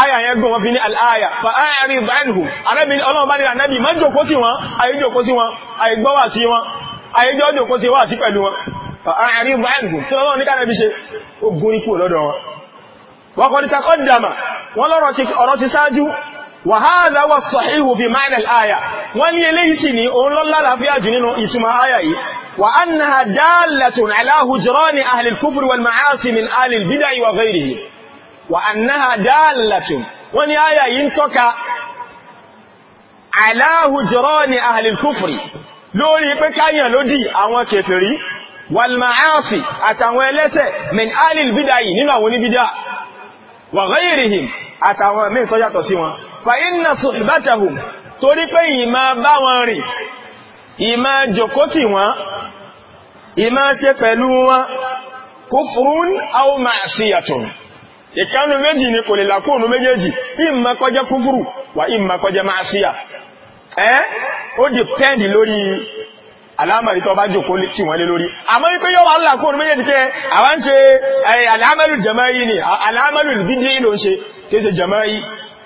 aya yẹn gùn wọn fi ní al'aya fa ayari báyìí arábìn ọlọ́run bá nílà náàbì máa jòkó sí wọn àyíjòkó sí wọn àyígbọ́wà sí wọn àyíjọ́ jòkó sí wà sí pẹ̀lú wọn fa ayari báyìí tí ọlọ́run ní kánàbí ṣe ó gún ikú lọ́dọ̀ wọn wọ́n kọ́ ní takọ́ dàmà wọ́n lọ́rọ̀ ti ṣáájú وهذا هو الصحيح في معنى الآية وأن يليسني أن الله لا في أجنين إتما آية وأنها دالة على هجران أهل الكفر والمعاصي من آل البدع وغيره wà annáha dáàlàtún wọ́n ni áyà yìí ń tọ́ka aláhùjọ́rọ́ ni ahàlìkúfùrì lórí pé káyàn lódì àwọn kèfèrí walma'asi àtàwọn ẹlẹ́sẹ̀ min alil bidayi nínú àwọn oníbídá wà ghayrihim àtàwọn mẹ́ tó yàtọ̀ sí wọn fa inna suhbatahum torí pé ìmá bá wọn rìn ìmá jòkótì wọn ìmá ṣe pẹ̀lú wọn kufrun aw ma'siyatun ìkánu méjì ni kò lè làkóònù méjèèjì ìmà kọjá kúfúrù wà ìmà kọjá máa síyà ẹ́ ó di pẹ́ndì lórí alámàrí tó bá jòkó kí wọ́n lé lórí àmọ́ ipé yóò wà làkóònù méjèèjì kẹ́ àwọn ṣe alámàlù jama'i ni alámàlù bídí ló ń ṣe kéṣe jama'i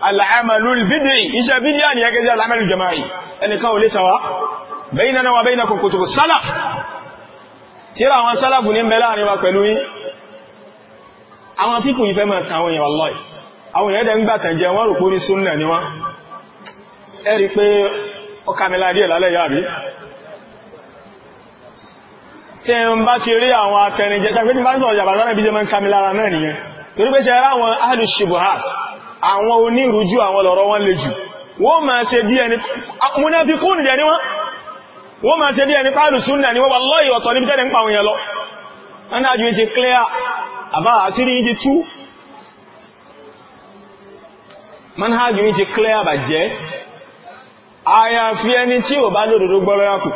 alámàlù bídí iṣẹ́ bídí àni yẹ́ kéṣe alámàlù jama'i ẹnìkan ò lè tàwa wa bainakum kutubu salaf tíra àwọn sálàfù ní ń bẹ àwọn fíkù yìí fẹ́ máa ta àwọn èèyàn wallahi àwọn èèyàn dẹ̀ ń gbàtàn jẹ wọ́n rò pé ni wọ́n ẹ̀rí pé ọkàmìlà díẹ̀ lálẹ́ yàrí tí ń bá ti rí àwọn atẹnijẹ́ sàgbé tí bá ń sọ̀rọ̀ yàbàtà náà bí jẹ́ máa ń kàmìlára náà nìyẹn torí pé ṣe rá àwọn ahàlùsìbòhàt àwọn onírújú àwọn lọ̀rọ̀ wọn jù wọ́n máa ṣe bí ẹni aba asịrị dị tu manhaj manhajù yìí ti clear àbàjẹ́ àyàfi ẹni tí ò bá lòdòdó gbọ́rọ̀ yàkù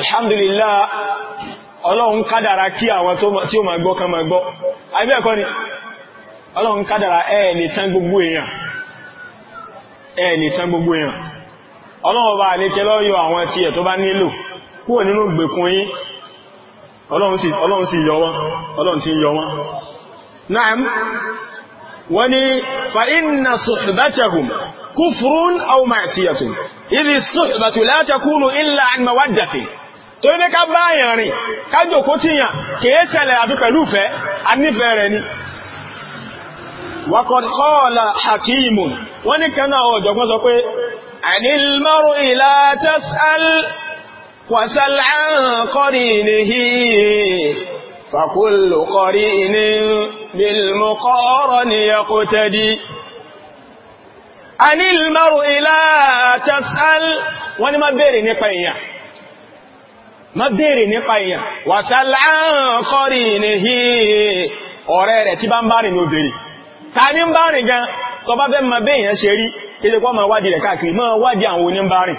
alhamdulillah ọlọ́run kádàrà kí tí o ma gbọ kan ma gbọ àbí ni gbogbo èèyàn gbogbo èèyàn àwọn tó bá ọlọ́run sì yọ wọn ọlọ́run sì yọ wọn na'am wọ́n ni fa inna suhbatahum kufrun aw ma'siyatun idhi suhbatu la takunu illa an mawaddatin tó ní ká bá yàn rìn kájò kó tíyàn kìí ṣẹlẹ̀ àfi pẹ̀lú fẹ́ a nífẹ́ rẹ̀ ni وسل عن قرينه فكل قرين بالمقارن يقتدي عن المرء لا تسأل وأنا ما بيري نقيا ما بيري نقيا وسل عن قرينه ọ̀rẹ́ rẹ̀ tí bá ń bá rìn ní obìnrin ta ní ń bá rìn gan tó bá fẹ́ mọ bí èèyàn ṣe rí kéde kọ́ mọ wádìí rẹ̀ káàkiri mọ wádìí àwọn oníbárìn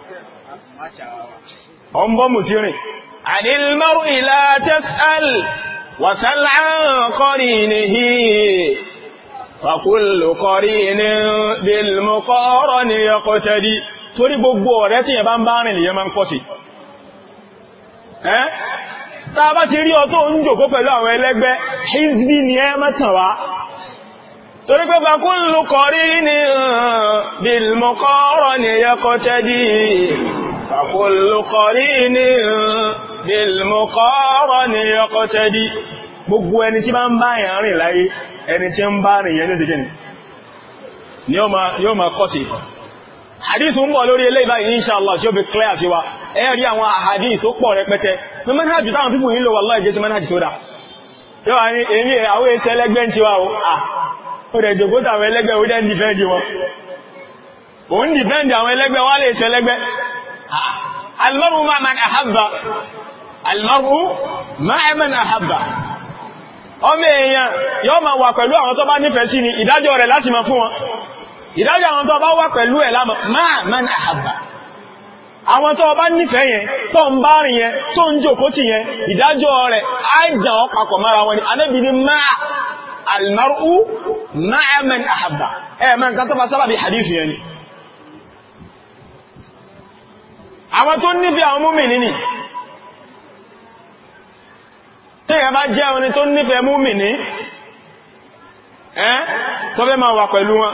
ọ ń bọ́ mùsírìn àdìlmọ́rù ìlà tẹ́sàl wàsánláàkọ́rì nìhí fàkúlùkọ́rì ní bílmùkọ́rọ̀ ni ọkọ̀ tẹ́dí torí gbogbo ọ̀rẹ́ tí yẹ bá ń bá rìn lè yẹ máa ń kọ́ sí ta bá ti rí ọ tó pẹ̀lú àwọn ẹlẹ́gbẹ́ hizbi ni ẹ mẹ́tàn wá torí pé bá kún lùkọ̀rí ní ni ẹkọ́ tẹ́dí فكل قرين بالمقارن يقتدي gbogbo ẹni tí bá ń bá yàn rìn láyé ẹni tí ń bá rìn yẹn ní ṣìkín ni yóò máa kọ́ sí hadith ń bọ̀ lórí eléyìí báyìí inṣàlá tí ó fi clear sí wa ẹ̀rí àwọn hadith tó pọ̀ rẹpẹtẹ ní manhajj táwọn pípù yìí lò wallahi jẹ́ ti manhajj tó dá yóò wá ní èmi àwọn èsì ẹlẹ́gbẹ́ ti wá ah, ó rẹ̀ jòkótà àwọn ẹlẹ́gbẹ́ ó dẹ́ ń dìfẹ́ndì wọn òun dìfẹ́ndì àwọn ẹlẹ́gbẹ́ wá lè ṣẹlẹ́gbẹ́ المرء مع من àhábà المرء مع من àhábà ọmọ èèyàn yóò máa wà pẹ̀lú àwọn tó bá nífẹ̀ẹ́ sí ni ìdájọ́ rẹ̀ láti máa fún wọn ìdájọ́ àwọn tó bá wà pẹ̀lú ẹ̀ lámọ̀ máa mẹ́ni àhàbà àwọn tó bá nífẹ̀ẹ́ yẹn tó ń bá rìn yẹn tó ń jòkó tì yẹn ìdájọ́ rẹ̀ áìdàn ọpapọ̀ mára wọn ni Ànábì máa àwọn tó nífẹ̀ẹ́ àwọn múmìnì ni tí ìyà bá jẹ́ ẹni tó nífẹ̀ẹ́ múmìnì ẹ́ tó fẹ́ máa wà pẹ̀lú wọn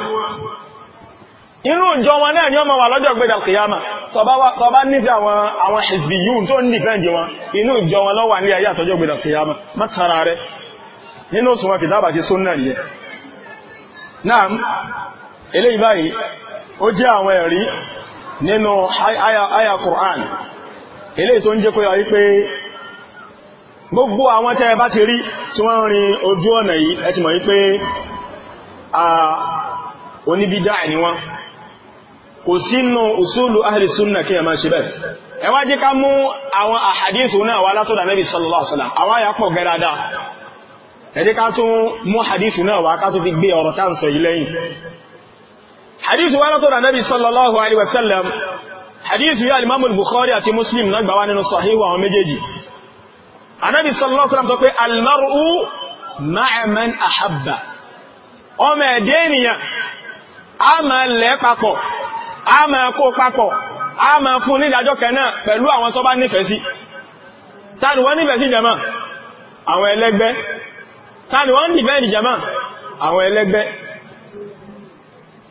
inú ìjọ wọn náà ni ó wà lọ́jọ́ gbẹ́dà kìyàmà tó bá nífẹ̀ẹ́ àwọn hizbiyun tó nífẹ̀ẹ́ wọn inú ìjọ wọn ló ní ayé àtọ́jọ́ gbẹ́dà kìyàmà mátara rẹ̀ nínú òsùn wọn kìtàbà ti súnnà yẹ náà eléyìí báyìí ó jẹ́ nínú àyà Qur'an eléyìí tó ń jẹ́ kó yà wípé gbogbo àwọn tẹ́ bá ti rí tí wọ́n rin ojú ọ̀nà yìí a oníbídá ni wọ́n kò usulu ahli suna kí ẹ máa ṣe bẹ́ẹ̀ ẹ wá jẹ́ ká mú àwọn àhàdíìsù náà wá látọ̀dọ̀ Nabi sallallahu alaihi wasallam àwọn hadith wa látọ̀dọ̀ nabi sallallahu alaihi wasallam hadith ya alimamul bukhari àti muslim na gbawa nínú sahihu àwọn méjèèjì anabi sallallahu alaihi wasallam sọ pé almaru ma'a man ahabba ọmọ ẹ̀dẹ́ ènìyàn a máa lẹ́ papọ̀ a máa kó papọ̀ a máa fún nídàjọ́ kẹ́nà pẹ̀lú àwọn tó bá nífẹ̀ẹ́ sí tàbí wọ́n nífẹ̀ẹ́ sí jama àwọn ẹlẹ́gbẹ́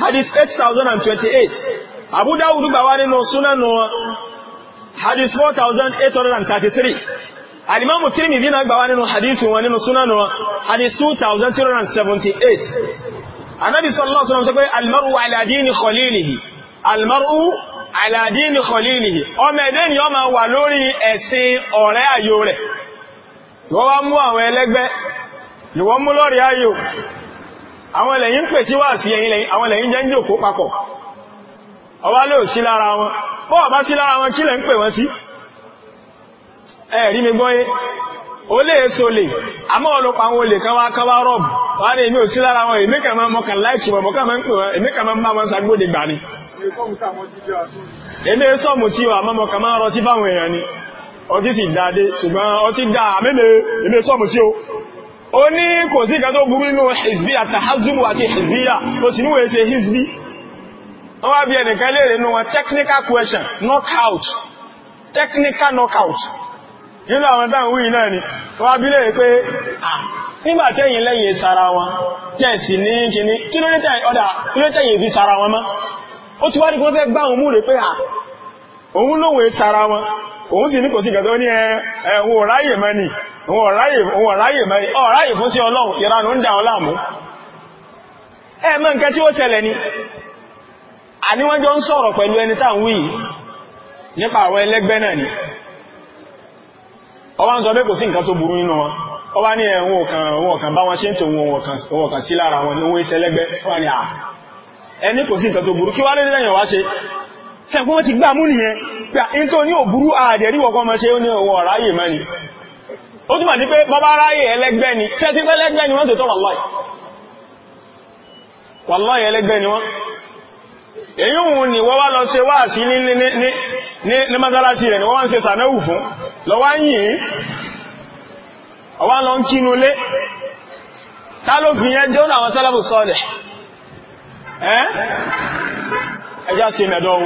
hadith 8028 Abu Dawud gbà wá nínú súnánù wọn hadith 4833 alimamu Tirmidhi náà gbà wá nínú hadith wọn nínú súnánù wọn hadith 2378 anabi sallallahu alaihi wasallam sọ pé almaru ala dini khalilihi almaru ala dini khalilihi ọmọ ẹ̀dẹ́ ni ó máa wà lórí ẹ̀sìn ọ̀rẹ́ ayò rẹ̀ wọ́n wá mú àwọn ẹlẹ́gbẹ́ ìwọ́n mú lọ́rẹ̀ ayò àwọn ẹlẹ̀yìn pè tí wà sí ẹ̀yìn àwọn ẹlẹ̀yìn jẹ́ ń jòkó papọ̀ ọwá lè sí lára wọn bọ́ ọ̀bá sí lára wọn kí lẹ ń pè wọ́n sí ẹ̀rí mi gbọ́yé ó lè so lè àmọ́ ọlọ́pàá àwọn olè kan wá ní èmi ò sí lára wọn èmi kàn máa mọ́kàn láìkì wọn máa ń pè èmi máa ń bá wọn gbà ni èmi tí máa ń rọtí báwọn èèyàn ni ọtí sì dáadé ṣùgbọ́n ọtí dáa ó ní kò sí kan tó burú nínú hizbi àti hizbiya ó sì níwèé ṣe hizbi wọ́n wá bí ẹnìkan léèrè nínú wọn technical question knockout technical knockout nínú àwọn dáhùn wíì náà ni wọ́n wá bí léèrè pé nígbà tẹ́yìn lẹ́yìn sára wọn tẹ́ẹ̀sì ní kìíní kí ló tẹ́yìn sára wọn mọ́ ó ti wá òun lóhun ìṣara wọn òun sì ní kò sí gẹ̀gẹ́ ní ẹ̀hùn ọ̀ráyè mẹ́ni ọ̀ráyè fún sí ọlọ́run ìranù ń dà wọn láàmú ẹ̀mọ́ nǹkan tí ó tẹ̀lẹ̀ ni àníwọ́jọ́ ń sọ̀rọ̀ pẹ̀lú ẹni tá ń wí nípa àwọn ẹlẹ́gbẹ́ náà ni ọwá ń sọ pé kò sí nǹkan tó burú nínú wọn ọwá ní ẹ̀hùn ọ̀kan bá wọn ṣe ń tò wọn ọ̀kan sí lára wọn ní owó ìṣẹ́lẹ́gbẹ́ wọ́n ni à ẹni kò sí nǹkan ṣẹ̀gbọ́n wọ́n ti gbà mú nìyẹn pẹ̀ in tó ní òbúrú ààdẹ̀rí wọ̀kọ́ mọ́ ṣe ó ní ọwọ́ ráyè mẹ́ni ó túnmà ti pé bọ́bá ráyè ẹlẹ́gbẹ́ ni ṣẹ́ ti pẹ́ lẹ́gbẹ́ ni wọ́n tó tọ́ wàláì ni wọ́n ni ni lọ ẹjá sí mẹ́dọ́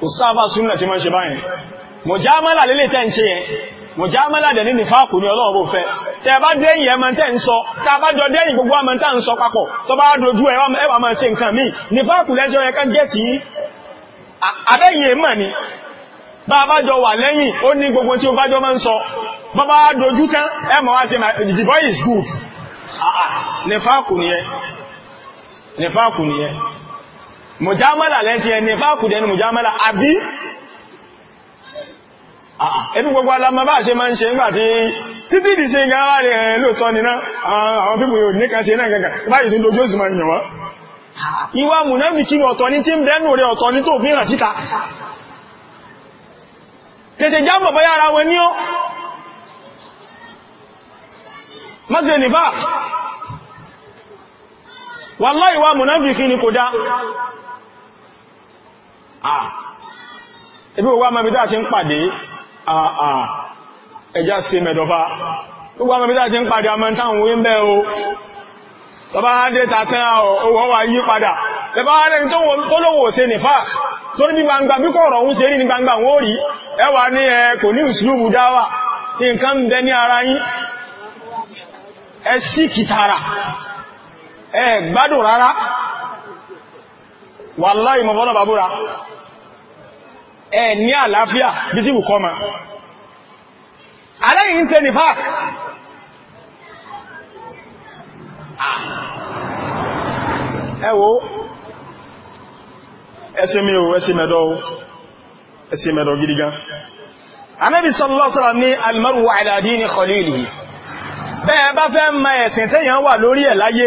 kò sáfà súnà tí wọ́n ṣe báyìí mọ̀jámálà lélẹ̀ tẹ́ ń ṣe yẹn mọ̀jámálà dẹ̀ ní nìfàkù ní ọlọ́run bó fẹ́ tẹ́ bá dẹ́yìn ẹmọ tẹ́ ń sọ tẹ́ bá jọ dẹ́yìn gbogbo ọmọ tẹ́ ń sọ papọ̀ tó bá dojú ẹwà máa ṣe nǹkan míì nìfàkù lẹ́jọ́ yẹ kán jẹ́ tí abẹ́yìn èèmọ̀ ni bá bá jọ wà lẹ́yìn ó ní gbogbo tí ó bá jọ máa ń sọ bá bá dojú tán ẹmọ̀ wá ṣe the boy is good nìfàkù nìyẹn nìfàkù nìyẹn mùjámálà lẹ́sí ẹni fákùdẹ̀ ní mùjámálà àbí ah, ah. ẹbí gbogbo alamọ bá ṣe máa ń ṣe nígbàtí títí ṣe rẹ̀ lóòtọ́ nínú ah, àwọn yóò ṣe náà gẹ́gẹ́ báyìí tí lójú òsì máa yàn wá ìwà mùnáfikí ọ̀tọ̀ ní tí ń bẹ́nu rẹ̀ ọ̀tọ̀ ní tó fi hàn síta tètè jámọ̀ bọ́yá ara wọn ní ọ́ ìwà kò dá ẹbí gbogbo amẹ́bítà ti ah pàdé ẹjá sí mẹ́dọ̀fà gbogbo amẹ́bítà o tọba dé tàtẹ́ owó wà yí padà lẹ́bá rẹ̀ tó lówó ṣe nìfà torí gbangba ẹ kò ní dáwà ní nǹkan ara yín ẹ ẹ gbádùn wàláì mọ̀ fọ́nà bàbúra ẹ ní àlàáfíà bí tí wùkọ́ ma aláyìn ń ṣe ní park ah. ẹ wo ẹsẹ mi o ẹsẹ mẹ́dọ̀ o ẹsẹ mẹ́dọ̀ gidi gan anábi sallallahu alaihi wasallam ní almaru ala dini khalilihi bẹ́ẹ̀ bá fẹ́ ma ẹ̀sìn tẹ́yàn wà lórí ẹ̀ láyé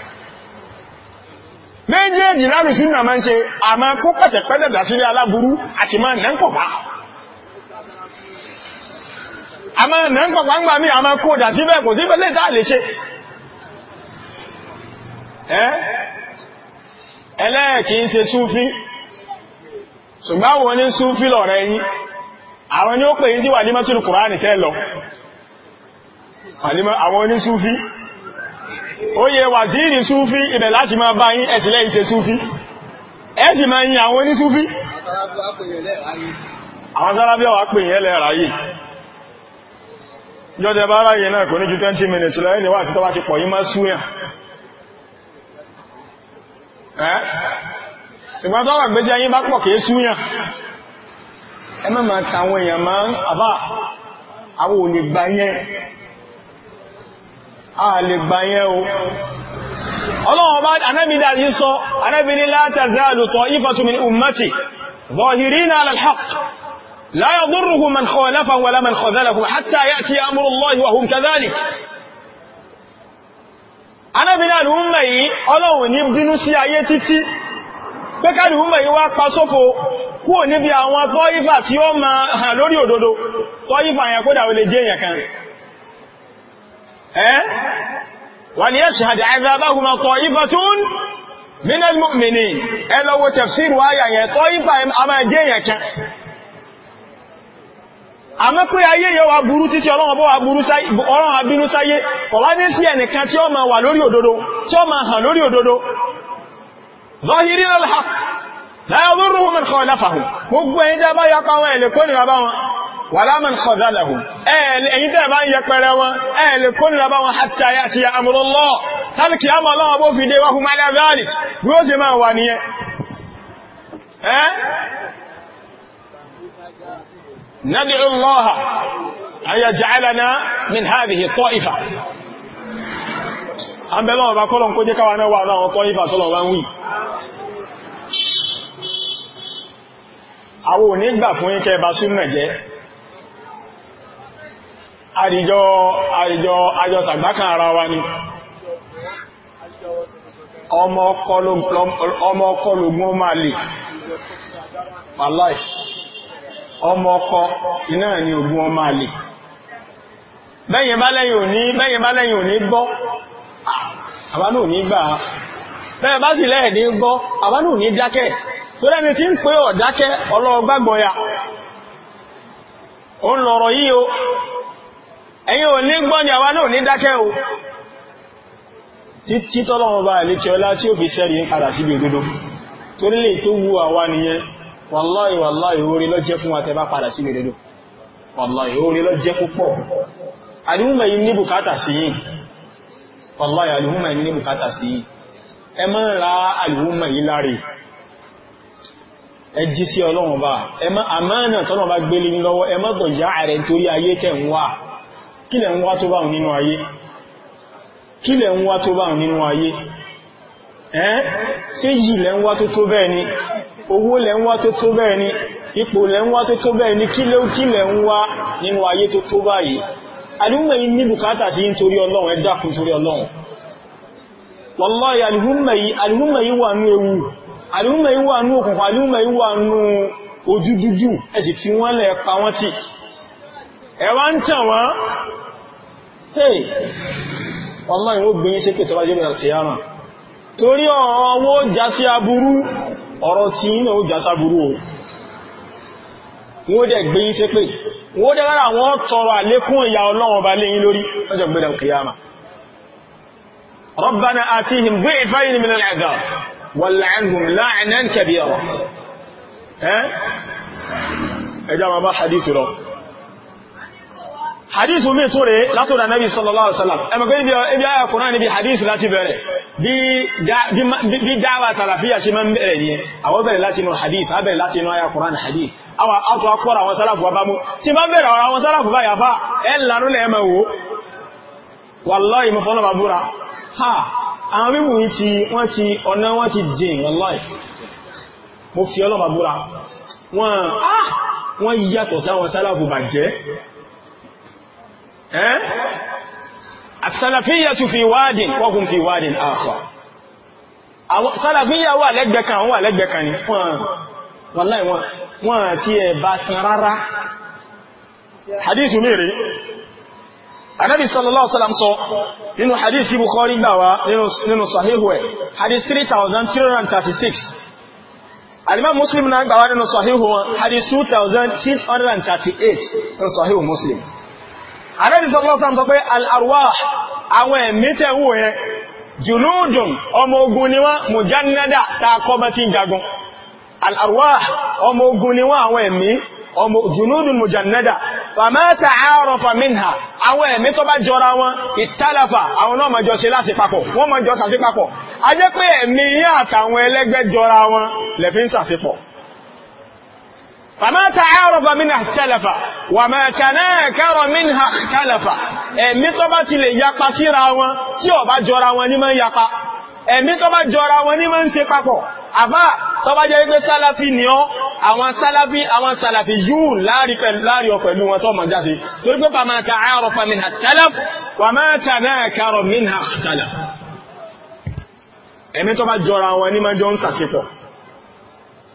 méjèèjì láàrin sínú àmá ń ṣe àmá kó pẹ̀tẹ̀pẹ̀lẹ̀ dàsílẹ̀ aláburú àti máa nà ń pọ̀pá àmá nà ń pọ̀pá ń gbà mí àmá kó dàsílẹ̀ kò sí pẹ̀lẹ̀ tàà lè ṣe ẹlẹ́ẹ̀kì ń ṣe súfí ṣùgbọ́n wọn ní súfí lọ̀rẹ́ yìí àwọn ni ó pè yí sí wà ní mọ́tún kùránì tẹ́ lọ àwọn ní súfí oyè wàzíìrì súfí ibẹ̀ láti máa bá yín ẹ̀sìlẹ̀ ìṣe súfí ẹ̀sì máa yin àwọn onísúfí àwọn sárábí ọwà pè yẹn lẹ́ra yìí bá ráyẹ náà kò ní ju 20 minutes lọ ẹni wà sí tọ́wà ti pọ̀ yí máa súyà ṣùgbọ́n tọ́wà gbéjẹ́ yí bá pọ̀ kìí súyà ẹ a lè gbà yẹn o ọlọ́wọ́ bá anábi dájí sọ anábi ní la tazalu ta'ifatu min ummati zahirina ala al-haq la yadurruhum man khalafahum wala man khazalahum hatta ya'ti amru Allahi wa hum kadhalik anábi náà lè húnmẹ̀ yìí ọlọ́wọ́ ní bínú sí ayé títí pẹ́kàlì húnmẹ̀ yìí wá pa sófo kúrò níbi àwọn tọ́ífà tí ó ma hàn lórí òdodo tọ́ífà yẹn kódà ó lè jẹ́ yẹn kan rẹ̀ wọ́n yẹ́ ṣàdì àzábáhùmá tọ́ ibà tún minal mu'mini ẹlọ́wọ́ tafsir wáyà yẹn tọ́ ibà a máa jẹ́ yẹn kẹ́ a mẹ́ pé ayé yẹ wa burú títí ọlọ́run abínú sáyé kọ̀wá ní sí ẹnìkan tí ó máa wà lórí òdodo tí ó máa hàn lórí òdodo zahirina wàlámàn kọ̀dálàhù ẹ̀yìn tẹ́ bá ń yẹpẹrẹ wọn ẹ̀lẹ̀ kónìlà bá wọn hàtà yá ti ya amúrúnlọ́ tàbíkì àmà ọlọ́wọ́ bó fi dé wá fún mẹ́lẹ̀ rálì bí ó sì máa wà nìyẹn ẹ́ nad'u Allaha an yaj'alana min hadhihi ta'ifa an àwọn ò ní gbà fún ikẹ́ bá súnmọ̀ jẹ́ àríjọ àríjọ àjọsàgbákan ara wa ni ọmọ ọkọ lògún ọmọ ọkọ iná ni ògún bẹ́yìn bá lẹ́yìn òní bẹ́yìn bá lẹ́yìn òní gbọ́ àbánú òní gbà á bẹ́ẹ̀ bá sì lẹ́yìn ní gbọ́ àbánú òní ẹ̀yin ò ní gbọ́ ni àwa náà ní dákẹ́ o títí tọ́lọ́wọ́n bá ọlá tí ó fi sẹ́rì ń padà síbi òdodo torí tó wu àwa nìyẹn wàláì wàláì orí lọ fún wa bá padà síbi òdodo wàláì orí lọ púpọ̀ àdúgbò yìí ní bùkátà sí yìí wàláì àdúgbò yìí ní bùkátà sí yìí ẹ ra àdúgbò yìí láre ẹ jí sí ọlọ́wọ́n bá kílẹ̀ ń wá tó báhùn nínú ayé kílẹ̀ ń wá tó báhùn nínú ayé ẹ́ séjì lẹ́ ń wá tó tó bẹ́ẹ̀ ni owó lẹ́ ń wá tó tó bẹ́ẹ̀ ni ipò lẹ́ ń wá tó tó bẹ́ẹ̀ ni kílẹ̀ ń wá nínú ayé tó tó báyìí alúmọ̀ yìí ní bùkátà sí nítorí ọlọ́run ẹ dákun nítorí ọlọ́run wallahi alúmọ̀ yìí alúmọ̀ yìí wà ní ewu alúmọ̀ yìí wà ní òkùnkùn alúmọ̀ yìí wà ní ojú dúdú ẹ sì fi wọ́n lẹ̀ pa wọ́n tì ẹwà ń tàn hey wallahi ìwó gbé ṣe pé tọ́bá jẹ́bẹ̀rẹ̀ sí yára torí ọ̀rọ̀ owó já sí aburú ọ̀rọ̀ tí náà ó já sí o wọ́n dẹ̀ gbé yín ṣe pé wọ́n dẹ̀ lára àwọn tọrọ àlékún ìyà ọlọ́wọ́n ba léyìn lórí lọ́jọ́ gbẹ̀rẹ̀ kìyàmà ربنا آتيهم ضعفين من العذاب ولعنهم لعنا كبيرا ها ẹ jẹ́ máa bá hadith lọ hadith mi tún rẹ̀ látọ̀dọ̀ nabi sallallahu alaihi wasallam ẹmọ̀kọ́ ibi ayà kùnrin níbi hadith láti bẹ̀rẹ̀ bí dáwà sàlàfíà ṣe mọ́ bẹ̀rẹ̀ ní àwọn bẹ̀rẹ̀ láti inú hadith abẹ̀rẹ̀ láti inú ayà kùnrin hadith àwọn àtọ́ akọ́rọ̀ àwọn sálàfù bá mú tí bá bẹ̀rẹ̀ àwọn sálàfù bá yàfá ẹ̀ lárúlẹ̀ ẹmọ̀ wo wallahi mo fọ́nà bàbúra ha àwọn wíwù yìí ti wọ́n ti ọ̀nà wọ́n ti jìn wallahi mo fi ọlọ́ bàbúra ah! wọ́n yàtọ̀ sáwọn sálàfù bàjẹ́ as-salafiyatu fi wádìn wa hum fi wádìn akhar sálàfíyà wà lẹ́gbẹ̀ẹ́ kan wà lẹ́gbẹ̀ẹ́ kan ní wallahi wọ́n àti ẹ̀bá kan rárá hadithu mẹ́rin anábi sallallahu alaihi wasallam sọ nínú hadithi bukhari gbàwá nínú sahihu ẹ̀ hadith 3336 alimam muslim na gbàwá nínú sahihu wọn hadith 2638 nínú sahihu muslim Ànábì sallallahu alaihi wasallam sọ pé al-arwah àwọn ẹ̀mí tẹ̀wò yẹn jùlúdùn ọmọ ogun ni wọ́n mùjánádà tààkọ́bá tí ń jagun al-arwah ọmọ ogun ni wọ́n àwọn ẹ̀mí ọmọ jùlúdùn mùjánádà fama ta'arafa minha àwọn ẹ̀mí tó bá jọra wọn ìtàlàfà àwọn náà máa jọ sí فما تعارف منها اختلف وما تناكر منها اختلف ẹ̀mí tó bá ti lè yapa síra wọn tí ó bá jọra wọn ní máa ń yapa ẹ̀mí tó bá jọra wọn ní máa ń ṣe papọ̀ àbá tó bá jẹ́ pé sálàfí ni ọ́ àwọn sálàfí àwọn sálàfí yóò láàrí ọ pẹ̀lú wọn tó mọ̀ jáde torí pé fa ma ta'arafa minha ikhtalaf wa ma tanakara minha ikhtalaf ẹ̀mí tó bá jọra wọn ní máa jọ ń ṣàṣepọ̀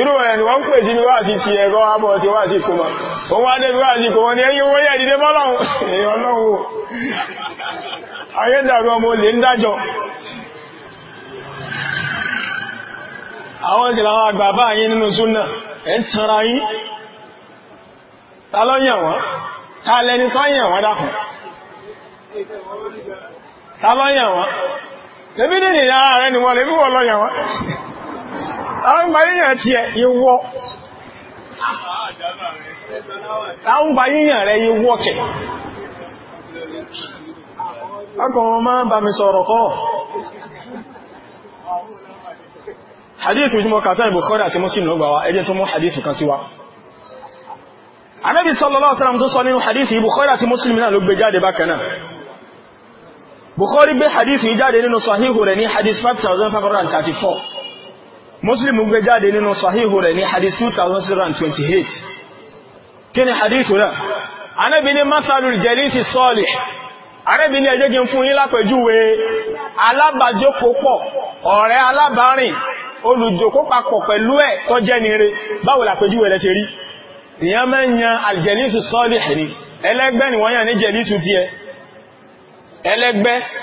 irú ẹni wọ́n pè sí ní wáàsí ti ẹ̀rọ abọ̀ ti wáàsí kò mọ̀ òun wá débi wáàsí kò wọ́n ni ẹ̀yin owó yẹ́ ìdílé mọ́lọ́hun èyí ọlọ́wọ́ ayédàrú ọmọ olè ń dájọ́ àwọn ìsìnlẹ̀ àwọn àgbà bá yín nínú súnà ẹ̀ ń tanra yín ta ló yàn wọ́n ta lẹni tó yàn wọ́n dákùn ta ló yàn wọ́n lébí nìyà rẹ̀ ni wọ́n lébí wọ́n lọ yàn wọ́n àwọn gbayíyàn ti ẹ̀ ìwọ àwọn gbayíyàn rẹ̀ ìwọ kẹ̀ ọkùnrin máa ń bá mi sọ̀rọ̀ kọ́ hadithu jimo kàtà Bukhari àti Muslim ló gbà wá ẹjẹ́ tó mú hadithu kan sí wa anábi sallallahu alaihi wasallam tó sọ nínú hadithu Bukhari àti Muslim náà ló gbé jáde bákanáà Bukhari gbé hadithu jáde nínú sahihu rẹ̀ ní hadith 5534 muslim gbé jáde nínú sahihu rẹ̀ ní hadith 2028 kí ni hadithu náà anábi ní masalul jalisi salih anábi ní ẹjẹ́ gín fún yín lápẹjúwe alábàjókòpọ̀ ọ̀rẹ́ alábàárìn olùjókòpapọ̀ pẹ̀lú ẹ̀ tó jẹ́ nire báwo lápẹjúwe rẹ̀ ṣe rí ìyẹn mẹ́yàn aljalisu salih ni ni wọ́n yàn ní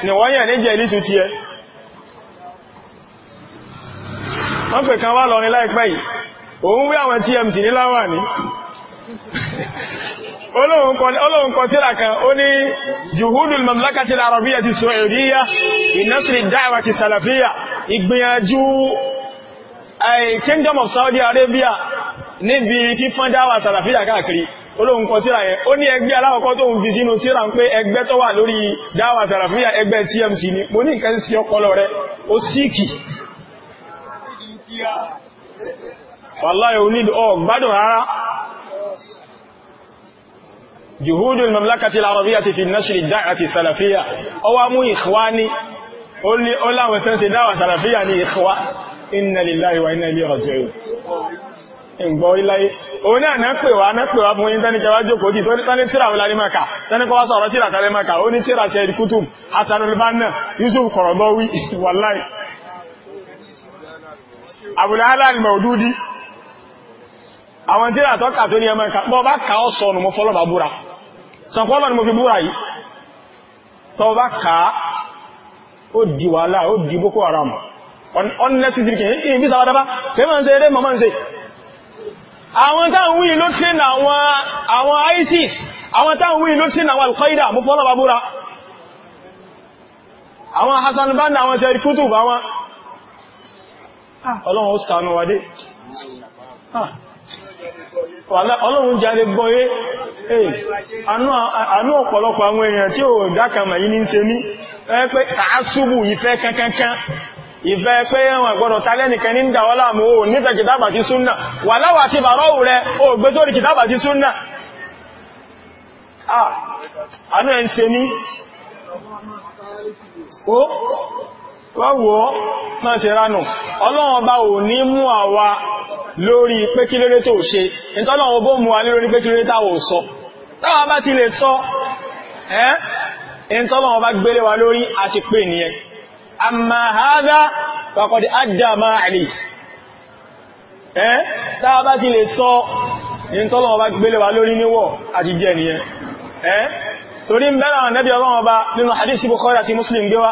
ni wọ́n yàn wọ́n pè kan wá lọ ní láìpẹ́ yìí òun wí àwọn tmc ní láwà ní olóhun kọ tíra kan ó ní juhudul mamlakati al-arabiyya ti saudiya inasiri da'wa ti salafiya ìgbìyànjú eh, kingdom of saudi arabia níbi kí fún dáwà salafiya káàkiri olóhun kọ tíra yẹn ó ní ẹgbẹ́ aláwọ̀kọ́ tó ń fi sínú tíra ń pé ẹgbẹ́ tó wà lórí dáwà salafiya ẹgbẹ́ tmc ni mo ní nǹkan sí ọpọlọ rẹ̀ ó síkì wàláyé onídò ọ gbádùn rárá juhudu al-mamlakati al-arabiyyati fi nashr ad-da'wati salafiyya ọwá mú ikhwani ó láwọn ẹ̀fẹ́ ṣe dáwà salafiyya ní ikhwa inna lillahi wa inna ilayhi raji'un ìgbọ́ iláyé òun náà náà pè wá náà pè wá fún yín tẹ́ni kẹwà jókòó àbùláhálà ni mọ̀dúdí àwọn tí rà tọ́ka tó ní ẹmọ ẹ̀ka bọ́ bá ká ọ sọnù mọ́ fọ́lọ́bà búra sọ̀pọ́lọ́ ni mo fi búra yìí tọ́ bá ká ó di wàhálà ó di Boko Haram unnecessary kìí bí sàwádábá kìí mọ́ ń àwọn ISIS àwọn táwọn wíì na àwọn Al-Qaeda mọ́ fọ́lọ́bà Hassan Banda àwọn tẹ́rì kútù wọn Ah. ọlọ́run ó sànú wadé ah. ọlọ́run jáde gbọ́yé àánú ọ̀pọ̀lọpọ̀ àwọn èèyàn tí ò dákàmà yìí ní ń ṣe ní pẹ́ tààsùbù ìfẹ́ kankankan ìfẹ́ pé ẹwọ̀n gbọ́dọ̀ tàlẹ́nìkan ní ìdáwọ́ wà ti wáwọ́ máa ṣe ránù ọlọ́run ọba ò ní mú àwa lórí pé kí lóore tó ṣe ìtọ́lọ́run ọba mú wa lórí pé kí lóore táwọ̀ sọ táwa bá ti lè sọ ẹ́ ìtọ́lọ́run ọba gbélé wa lórí àti pé nìyẹn amma hadha faqad adda ma alayhi ẹ́ táwa bá ti torí ń bẹ́rẹ̀ àwọn nẹ́bí ọlọ́run ọba nínú hadith Bukhari àti Muslim gbé wa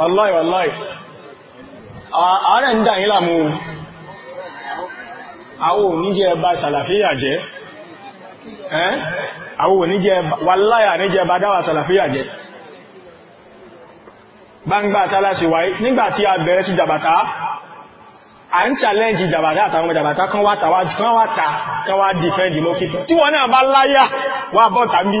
Wallahi, wallahi. Ààrẹ ń dà yín láàmú. Àwọn oníjẹ bá Sàlàfíyà jẹ́. Àwọn oníjẹ wallahi àníjẹ bá dáwà Sàlàfíyà jẹ́. Gbangba tálásì wáyé nígbàtí a bẹ̀rẹ̀ ti jàbàtà, à ń challenge jàbàtà àtàwọn ọmọ jàbàtà kan wá tà, kan wá dìfẹ́ndì lókítọ̀. Tí wọ́n náà bá láyà wà bọ́ta bí.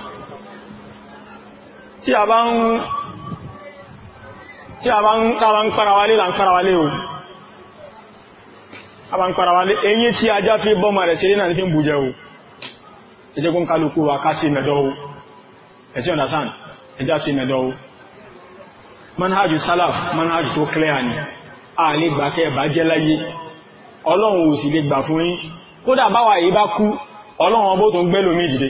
tí a bá ń parawalé là ń parawalé o a bá ń parawalé eyín tí ajá fi bọ́mà rẹ̀ ṣeré náà fi ń bùjẹ o ẹjẹ́ kún kálukú wa ká sí mẹ́dọ́ o ẹjẹ́ ọ̀dásán ẹjá sí mẹ́dọ́ o manhajj salaf manhajj tó clear ni a lè gbà kẹ́ bá jẹ́ láyé ọlọ́run ò sì lè gbà fún yín kódà báwa yìí bá kú ọlọ́run ọbó tó ń gbẹ́lómi jìde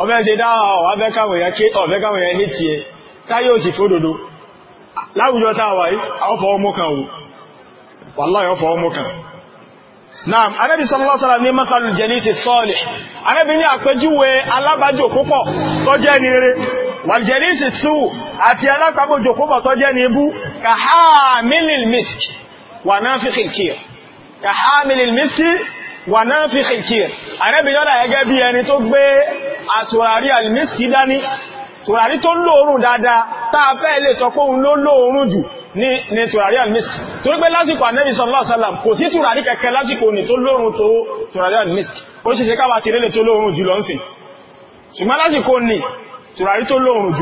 ọ̀fẹ́ ṣe dáa ọ̀fẹ́ káwọn èèyàn ní ti ẹ táyé ò sì fódòdó láwùjọ táwà yìí ọ̀fọ̀ ọmọ kan wò wàláhì ọ̀fọ̀ ọmọ kan náà Ànábì sallallahu alaihi wasallam ní masalu jalisi salih Ànábì ní àpẹjúwe alábájò púpọ̀ to je ni eré wal jalisi su ati alábájò púpọ̀ to je ni ka hamilil misk wa nafikhil ka hamilil misk wà náà fi kìkìr àrẹ́bìyọ́dà gẹ́gẹ́ bí ẹni tó gbé àtùràrí alìmísìkì dání tùràrí tó lóòrùn dáadáa táa fẹ́ lè sọ pé òun ló lóòrùn jù ní tùràrí alìmísìkì tó gbé lásìkò ànẹ́bì sọ́lọ́sọ́lám kò sí tùràrí kẹ̀kẹ́ lásìkò ní tó lóòrùn tó tùràrí alìmísìkì ó sì ṣe káwà ti lélẹ̀ tó lóòrùn jù lọ́nsìn ṣùgbọ́n lásìkò ní tùràrí tó lóòrùn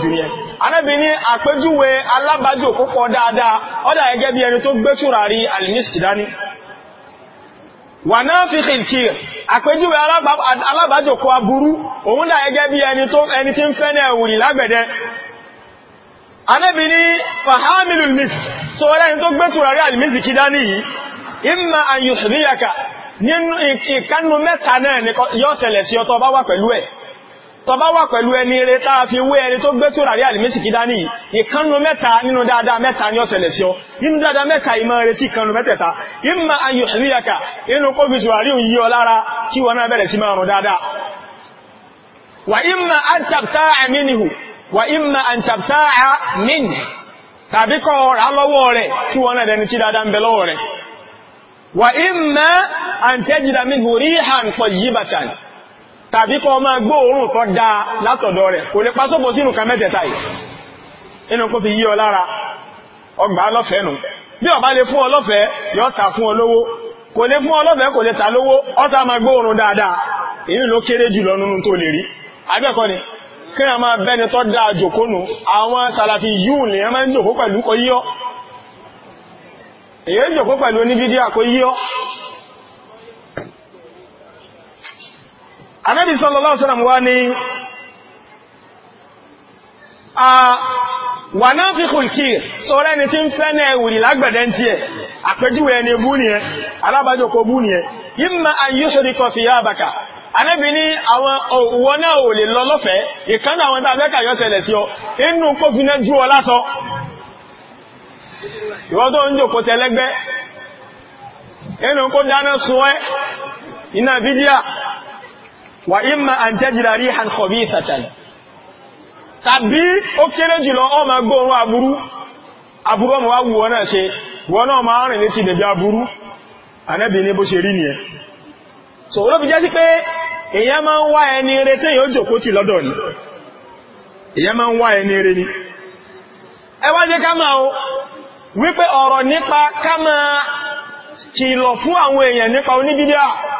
jù nìyẹn anẹ́bì ní àpéjúwe alábájò kópọ̀ dáadáa ó dà bí ẹni tó gbé tùràrí alìmísìkì dání wà náà fi kìrìkìrì àpéjúwe alábàájòkó aburú òun dà gẹ́gẹ́ bí ẹni tí ń fẹ́ ní ẹ̀wùrì lágbẹ̀dẹ anẹ́bì ní fahamilul mis so rẹ́ni tó gbé tùràrí alìmísì kí dání yìí imma an yusriyaka nínú ìkanu mẹ́ta náà yóò ṣẹlẹ̀ sí ọtọ bá wà pẹ̀lú ẹ̀ tọba wà pẹ̀lú ẹni rẹ tá a fi wé ẹni tó gbé tùràrí àlìmísìkí dání ìkanu mẹ́ta nínú dáadáa mẹ́ta ni ó ṣẹlẹ̀ sí ọ nínú dáadáa mẹ́ta ìmọ̀ retí ìkanu mẹ́tẹ̀ta ìmọ̀ ayò ṣìlíyàkà inú kó fi òun yí ọ lára kí wọn náà bẹ̀rẹ̀ sí máa rùn dáadáa wà ìmọ̀ àǹtàbtà àmínihù wà ìmọ̀ àǹtàbtà àmínì tàbí kọ́ ọ̀rá lọ́wọ́ rẹ̀ kí wọn náà dẹni tí dáadáa ń bẹ lọ́wọ́ rẹ̀ wà ìmọ̀ àǹtẹ́jìdàmínihù ríhàn pọ̀ yíbàtàn tàbí kọ máa gbóòórùn tó dáa látọ̀dọ̀ rẹ̀ kò lè pásọ́bọ̀ sínú ka mẹ́tẹ̀ẹ̀ta yìí inú kó fi yí ọ lára ọgbà ọlọ́fẹ́ nù bí ọba lè fún ọlọ́fẹ́ yọ ta fún olówó kò lè fún ọlọ́fẹ́ kò lè ta lówó ọta máa dáadáa èyí ló kéré jùlọ nínú tó lè rí abẹ́kọ́ ni kí wọ́n máa bẹ́ni àwọn sàlàfi máa ń jòkó pẹ̀lú yíyọ́ èyí jòkó pẹ̀lú Ànábì sallallahu alaihi wasallam wá ní wà náà fi kùlkì sọ́rọ̀ ẹni tí ń fẹ́ wùrì lágbẹ̀dẹ̀ tí ẹ àpẹjúwẹ̀ ẹni bú ni ẹ alábájọkọ̀ bú ni ẹ yí ma àyíṣòrí kọfí yá bàkà Ànábì ní àwọn òwò náà ò lè lọ lọ́fẹ̀ẹ́ ìkánà àwọn tàbẹ́kà yọ́ ṣẹlẹ̀ sí ọ inú kófin náà jú ọ lásọ ìwọ́n tó ń jòkó tẹ́lẹ́gbẹ́ inú kó dáná sun ẹ́ iná bídíà wà ìmà àǹtẹ́jìlá rí hàn kọ̀bí ìsàtàlẹ̀ tàbí ó kéré jùlọ ọmọ gbóòrùn aburú aburú ọmọ wá wùwọ́ náà ṣe wọ́n náà ti ṣe rí nìyẹn so olóbi jẹ́ sí pé ni èyàn ma ń ni ẹ wá jẹ́ ká ma o wípé ọ̀rọ̀ nípa ká máa kìlọ̀ fún àwọn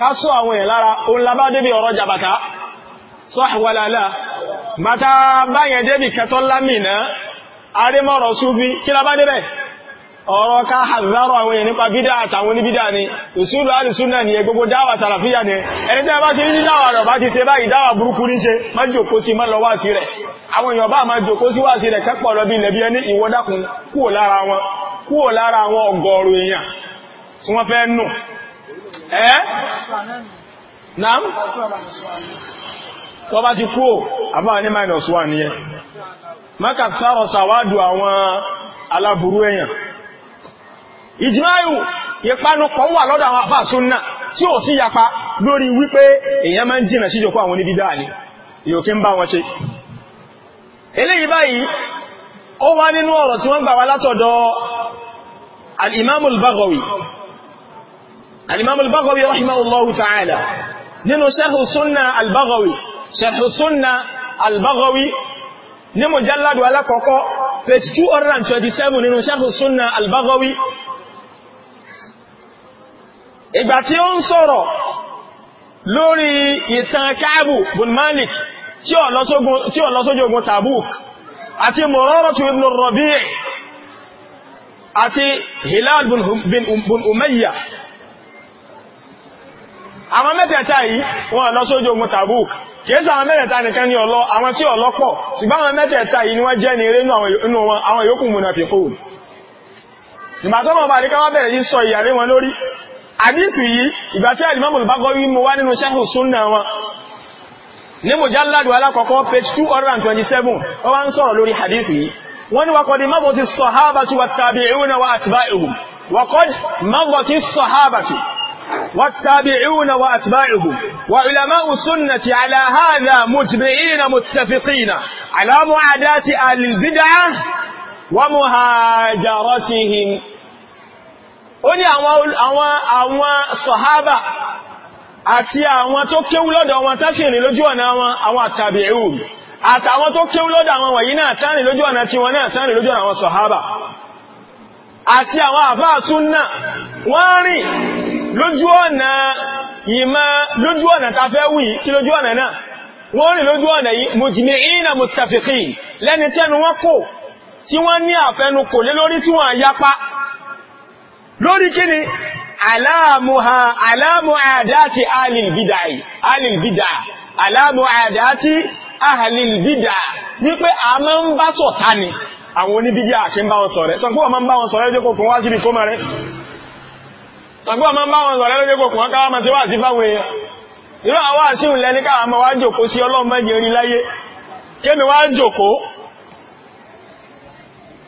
kásọ àwọn èèyàn lára òun labá débi ọ̀rọ̀ jàbàtà sọ́hàwàlálà bàtà báyẹn débi kẹtọ́ lámìnà arémọ̀rọ̀ súfí kí labá débẹ̀ ọ̀rọ̀ ká àzárọ̀ àwọn èèyàn nípa bídá àtàwọn oníbídá ni ìsúlù alìsúnà ni ẹgbogbo dáwà sàràfíà ni ẹni tí a bá ti rí dáwà rẹ̀ bá ti ṣe báyìí dáwà burúkú ní ṣe má jòkó sí má lọ wá ẹ́ eh? nám tó bá ti kú àbáwọn ní minus one ní ẹ maka sáàrọ̀ sàwádù àwọn aláburú èèyàn ìjìmáyù ìpanu kan wà lọ́dọ̀ àwọn àfáà súnnà tí ò sí yapa lórí wípé èèyàn máa ń jìnà síjòkó àwọn oníbídà ní ìyòkí ń bá wọn ṣe eléyìí báyìí ó wá nínú ọ̀rọ̀ tí wọ́n gbà wá látọ̀dọ̀ al الإمام البغوي رحمه الله تعالى نينو شرح سنة البغوي شرح سنة البغوي ní mọ̀jálàd wà lákọ̀ọ́kọ́ page 227 nínú Sharh Sunnah al-Baghawi ìgbà tí ó ń sọ̀rọ̀ lórí ìtàn Ka'bu bin Malik tí ó lọ sójú ogun Tabuk àti Muraratu ibn Rabi' àti Hilal bin Umayyah àwọn mẹ́tẹ̀ẹ̀ta yìí wọ́n lọ sójú ogun Tabuk kìí sọ àwọn mẹ́tẹ̀ẹ̀ta nìkan ní ọlọ́ àwọn tí ọlọ́ pọ̀ ṣùgbọ́n àwọn mẹ́tẹ̀ẹ̀ta yìí ni wọ́n jẹ́ ní eré inú àwọn yòókù munafiqun ìgbà tó mọ̀ bá ní káwọ́ bẹ̀rẹ̀ yìí sọ ìyàrí wọn lórí àdìsí yìí ìgbà tí àdìmọ́ bùlùbágọ́ yìí mo wá nínú sẹ́hùn súnnà wọn ní mùjáládù alákọ̀ọ́kọ́ page 227 wọ́n wá ń sọ̀rọ̀ lórí hadithi wọ́n ni wàkọ̀dì mọ́bọ̀tí sọ̀hábàtí wà tàbí ìwúna wà àtìbá ìwù wàkọ̀dì mọ́bọ̀tí sọ̀hábàtí والتابعون وأتباعهم وعلماء السنة على هذا مجمعين متفقين على معاداة أهل البدعة ومهاجرتهم ó ní àwọn sọ̀hábà àti àwọn tó kéwú lọ́dọ̀ wọn tásìrì lójú ọ̀nà wọn àwọn àtàbíùn àtàwọn tó kéwú lọ́dọ̀ àwọn wọ̀nyí náà tánì lójú ọ̀nà tí wọn náà tánì lójú ọ̀nà àwọn sọ̀hábà àti àwọn àfáà súnnà wọ́n rìn lójú ọ̀nà ìmá lójú ọ̀nà ta fẹ́ wí kí lójú ọ̀nà náà wọ́n rìn lójú ọ̀nà yìí mujmi'ina muttafiqin lẹ́ni tẹ́nu wọn kò tí wọ́n ní àfẹnu kò lé lórí tí wọ́n yapa lórí kíni aláàmùhà aláàmù àdáti alìlbìdàì alìlbìdà aláàmù àdáti alìlbìdà wípé a máa ń bá sọ̀tá ni àwọn oníbídíà kí ń bá wọn sọ̀rẹ́ sọ pé wọ́n máa ń bá wọn sọ̀rẹ́ jẹ́ kò kún wá síbi kó mẹ́rin ta gba ma ba won so lele ko kun ka ma si wa ya fa we iro awa si un nika ni ka ma wa joko si olodum ma je ri laye kemi wa joko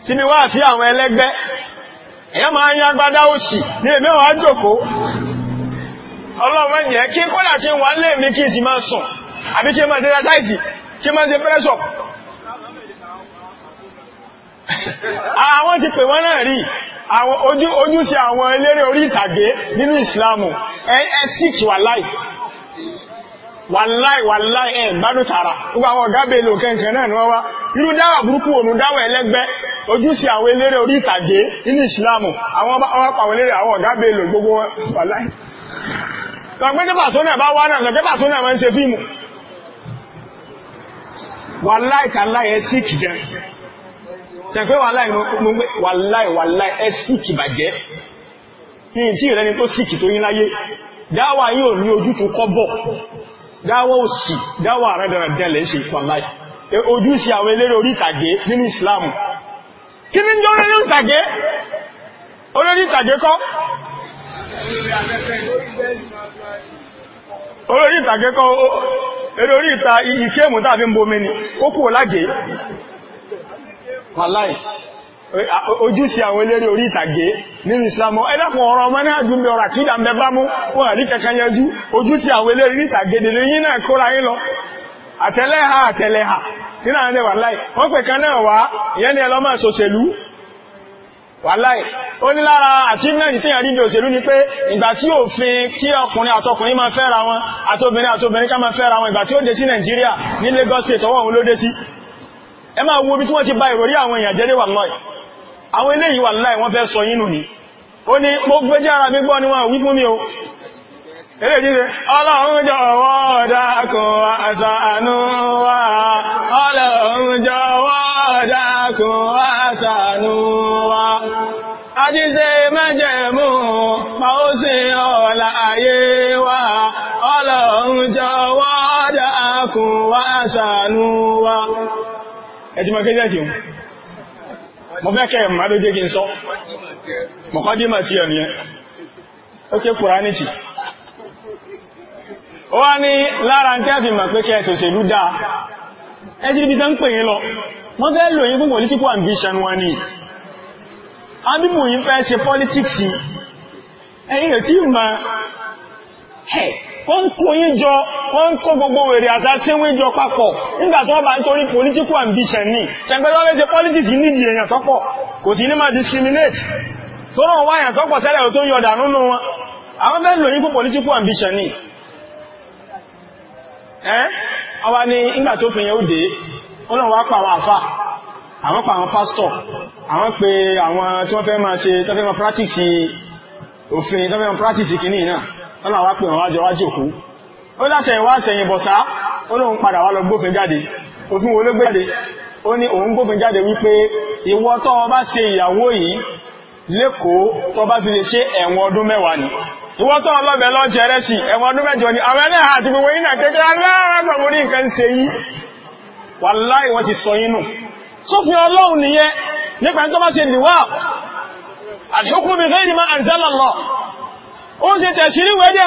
si awọn wa ti elegbe e ma anya gbada osi ni mi wa joko olodum ma je ki ko la ti wa mi ki si ma so abi ki ma de da taiji ki ma se press up àwọn ti pè wọ́n náà rí ojúṣe àwọn eléré orí ìtàgé nínú ìsìlámù ethics wà láì wàláì wàláì ẹ̀ gbádùn tààrà gbogbo àwọn ọ̀gábẹ̀ èlò kẹ́kẹ́ náà ni wọ́n wá irú dáwà burúkú òun dáwà ẹlẹ́gbẹ́ ojúṣe àwọn eléré orí ìtàgé nínú ìsìlámù àwọn gbogbo bá wá náà sẹ̀pẹ́ wàláì wàláì wàláì to síkì bàjẹ́ ní tí ìrẹni tó síkì tó yín láyé dáwà yíò ní ojútùú kọ́bọ̀ dáwà òsì dáwà rẹ̀dẹ̀rẹ̀dẹ̀lẹ̀ ṣe wàláì ojúṣe àwọn eléré orí ìtàgé nínú Islam kí ní jọ orí ìtàgé orí ìtàgé kọ́ orí ìtàgé kọ́ orí ìta ìkéèmù tàbí ń ó kúrò lágé wàláì ojúṣe àwọn eléré orí ìtàgé nínú ìsìlámù ẹlẹ́kùn ọ̀rọ̀ ọmọ náà jù ń bẹ ọ̀rọ̀ àkídà ń bẹ bá mú wọ́n àrí kankan yanjú ojúṣe àwọn eléré orí ìtàgé dèlé yín náà kóra yín lọ àtẹlẹ́hà àtẹlẹ́hà nínú àwọn ẹ̀wà láì wọ́n pè kan náà wá ìyẹn ni ẹlọ́mọ ṣòṣèlú wàláì ó ní lára achievement tí yàrí ni pé ìgbà tí òfin kí ọkùnrin àtọkùnrin máa fẹ́ra wọn àtobìnrin àtobìnrin ká máa fẹ́ra wọn ìgbà tí ó dé sí Nàìjíríà Lagos State ọwọ́ òun ló ẹ máa wo bí tí wọ́n ti bà ìròrí àwọn èèyàn jẹ́ léwà lọ́ì àwọn eléyìí wà láì wọ́n fẹ́ sọ yínú ni ó ní mo gbé jẹ́ ara mi gbọ́ ni wọ́n wí fún mi o eré jíre ọlọ́run jọ̀wọ́ dákun àṣàánú wa wa ajíṣẹ́ mẹ́jẹ̀mú ma ó sì wa ẹjùmọ̀ kéjẹ́jì mo fẹ́ kẹ́ mọ́ ló jẹ́ kí n sọ tí ó ké ó wá ní lára tẹ́ fi mọ̀ pé kẹ́ dáa tán pè yín lọ fẹ́ lò yín fún political ambition wọn ni fẹ́ ṣe politics ẹ̀yìn tí wọ́n ń kó gbogbo wèrè àtàṣẹ́wéjọ papọ̀ nígbà tí wọ́n bá ń torí political ambition ní ṣẹ̀gbẹ́lọ́ lẹ́sẹ̀ politics nídìí èèyàn tọ́pọ̀ kò sí ní máa discriminate tó rán wáyà tọ́pọ̀ tẹ́lẹ̀ tó ń yọ̀dà nínú wọn àwọn bẹ́ẹ̀ fún political ambition ni ẹ́ ọba ni ìgbà tó fi yẹn ó dé wá pa àwọn àwọn pa wọ́n fẹ́ máa ṣe tó fẹ́ practice òfin tó fẹ́ practice wá ó láṣẹ ìwá àṣẹyìn bọ̀sá ó lóun padà wá lọ gbófin jáde òfin wo ló ó ní òun gbófin jáde wípé ìwọ tó o ṣe ìyàwó yìí lẹ́kọ̀ọ́ tó ọba fi lè ṣe ẹ̀wọ̀n ọdún mẹ́wàá ni ìwọ tó ọlọ́bẹ̀ lọ jẹrẹ sí ẹ̀wọ̀n ọdún mẹ́jọ ni àwọn àti gbogbo kékeré nǹkan ṣe wọ́n ti sọ inú sófin ọlọ́run nìyẹn nípa tó ṣe àti bi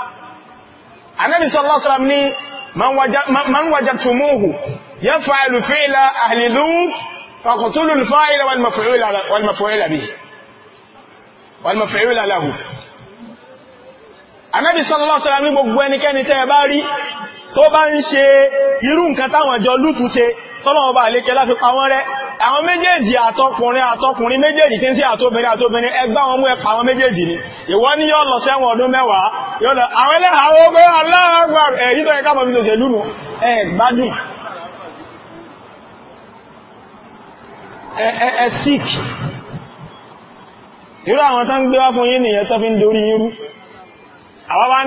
anábì sallallahu alaihi wasallam ní man wajadtumuhu yaf'alu fi'la ahli Lut faqtulu al-fa'ila wal-maf'ula bihi wal-maf'ula lahu anábì sallallahu alaihi wasallam ní gbogbo ẹnikẹ́ni tẹ́ bá rí tó bá ń ṣe irú nǹkan táwọn jọ lútù ṣe tọ́lọ́wọ́ bá lékẹ́ láti pa wọ́n rẹ́ àwọn méjèèjì àtọkùnrin àtọkùnrin méjèèjì tí ń sí àtobìnrin àtobìnrin ẹgbà wọn ẹpa àwọn méjèèjì ni ìwọ ní yóò lọ sẹ́wọ̀n ọdún mẹ́wàá yóò lọ àwọn ẹlẹ́hàá ogbó aláàgbà èyí tó ẹka bọ̀bí sòṣèlú wá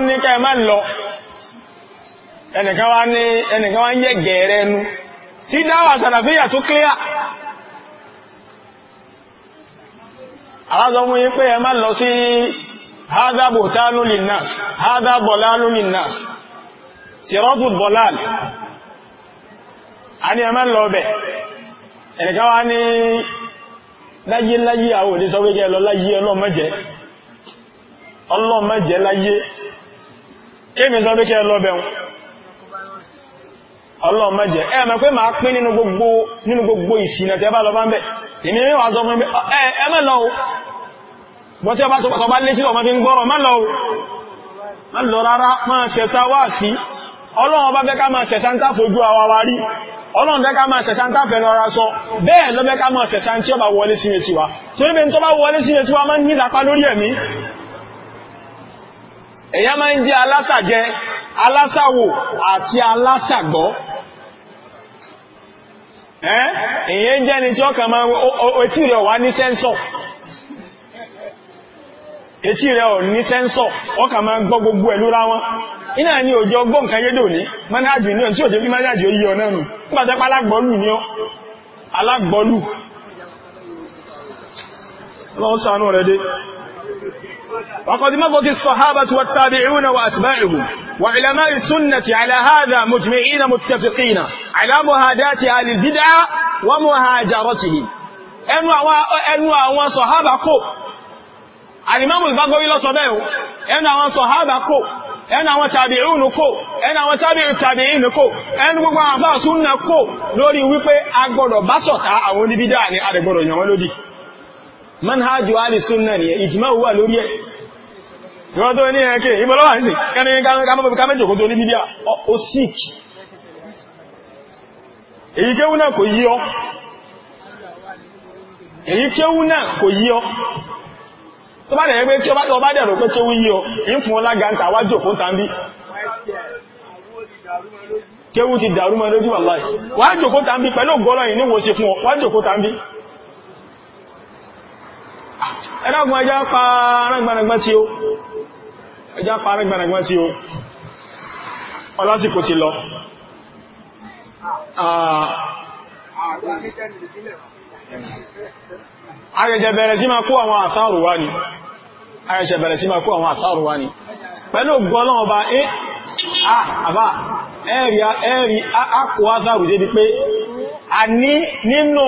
ní ẹnìkan wá ń yẹ gẹ̀ẹ́rẹ́ clear àwázọmú yí pé ẹ lọ sí haza a ní ẹ má lọ bẹ̀ ẹ̀rẹ̀káwá ní láyé láyé àwọn òní sọ wéjẹ́ lọ láyé ọlọ́mọ́jẹ́ ọlọ́mọ́jẹ́ láyé kéèmì sọ wéjẹ́ lọ ọlọ́mọ́jẹ́ ẹ pé máa pín nínú gbogbo ìsìnà tẹ́ lọ bá ń èmi rí wà sọ fún ẹ mẹ́ lọ o bọ́ tí ọba tó bá wa rí ọlọ́run bẹ́ká máa ṣẹ̀ṣà ń táfẹ́nu ara sọ bẹ́ẹ̀ lọ bẹ́ká máa ṣẹ̀ṣà tí ọba wọlé sí etí wa torí pé tó bá wọlé sí etí wa máa ń ní ìlàpá lórí ẹ̀mí èyàn máa ń jẹ́ alásàjẹ alásàwò àti alásàgbọ́ Eh? èyàn jẹ́ ni tí ó kàn máa etí rẹ̀ wà ní ọ etí rẹ̀ ọ ní sẹ́ńsọ̀ ó kàn gbogbo wọn iná ni òjò ọgbọ́n nǹkan yédò ní mọ́nájì ní ọ̀tí òjò bí mọ́nájì yí ọ náà nù ọ وقد مضت الصحابة والتابعون وأتباعهم وعلماء السنة على هذا مجمعين متفقين على مهادات أهل البدعة ومهاجرتهم ẹnu àwọn sọ̀hábà kò alìmọ́mù ìbágbórí lọ́sọ bẹ́ẹ̀ ẹnu àwọn sọ̀hábà kò ẹnu àwọn tàbí'ùn kò ẹnu àwọn tàbí'ùn kò ẹnu gbogbo àwọn àfáà súnnà kò lórí wípé agbọ́dọ̀ bá sọ̀tá àwọn oníbídà ní adẹ̀gbọ́dọ̀ yàn wọ́n lódì manhajù alìsúnnà ni ìjìmá wà lórí ẹ̀ ìwọ́n tó ní ẹ̀kẹ́ ìbọ̀lọ́wà ń sì kámẹ́jọ kó tó ní bíbíà ó sík èyí kéwú kò yí ọ eyi kéwú kò yí o tó bá dẹ̀ kí o bá dẹ̀rọ pé kéwú yí ọ èyí fún ọlá ganta wájò fún tàbí ti dàrú lójú wàláì tàbí pẹ̀lú yìí ní wo ṣe fún ọ tàbí pa tí ẹjá parẹ́ gbẹ̀rẹ̀gbẹ̀ si o ọlásìkò ti lọ àrẹ̀jẹ̀ ah. bẹ̀rẹ̀ sí ma kó àwọn àsáàrù wá ni àrẹ̀jẹ̀ bẹ̀rẹ̀ sí máa kó àwọn àsáàrù wá ni pẹ̀lú gbọ́lọ́wọ́ ah, bá a nínú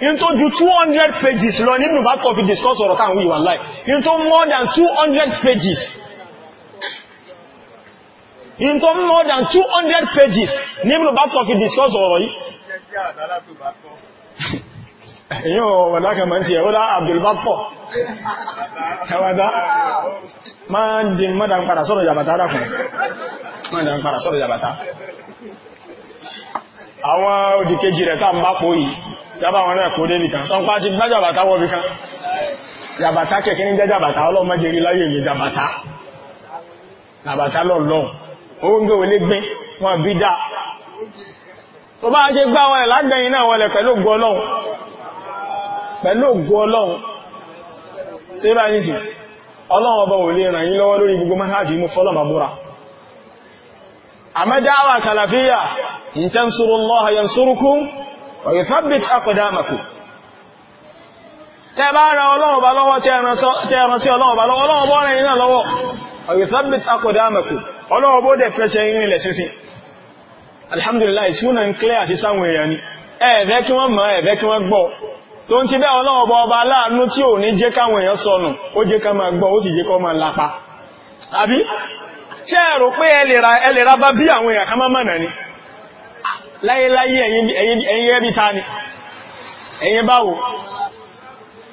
in tó ju 200 pages lọ nínú bá kọ́ fi discuss ọ̀rọ̀ táwọn wíwà láì in tó more than two hundred pages Into more than two hundred pages nínú bá kọ́ fi discuss ọ̀rọ̀ yìí èyàn wàdá kan máa ń tiẹ̀ ó dá Abdulbapọ̀ ẹwàdá máa ń di mọ́dá ń padà sọ́rọ̀ jàbàtà dákùn mọ́dá ń padà sọ́rọ̀ jàbàtà àwọn òdìkejì rẹ̀ tá ń bá pò yìí jábà wọn náà kó débì kan sọpá ti gbá jàbàtà wọ́bì kan jàbàtà kẹ̀kẹ́ ní jẹ́ jàbàtà ọlọ́mọdé rí láyé ìlú jàbàtà jàbàtà lọ́lọ́run owó ń gbé wọlé gbé wọn bí dá tó bá jẹ́ gbá wọn lágbẹ̀yìn náà wọlé pẹ̀lú ògo Ọlọ́run pẹ̀lú ògo Ọlọ́run tí bá ní sí Ọlọ́run ọba ò lè ràn yín lọ́wọ́ lórí gbogbo manhajì mú fọ́lọ̀ màbúra àmẹ́dáwà kàlàfíyà in tansurullaha ويثبت أقدامكم تبارا الله بالله تيرسي الله بالله الله بولا ينا لو ويثبت أقدامكم الله بودا فشين لسيسي الحمد لله سونا كليا في سانوي يعني eh ve kí wọ́n mọ̀ eh ve kí wọ́n gbọ́ tó nti be Ọlọ́run bo ọba láàánú láyéláyé ẹ̀yin gẹ́gẹ́ bí ta ni ẹ̀yin báwo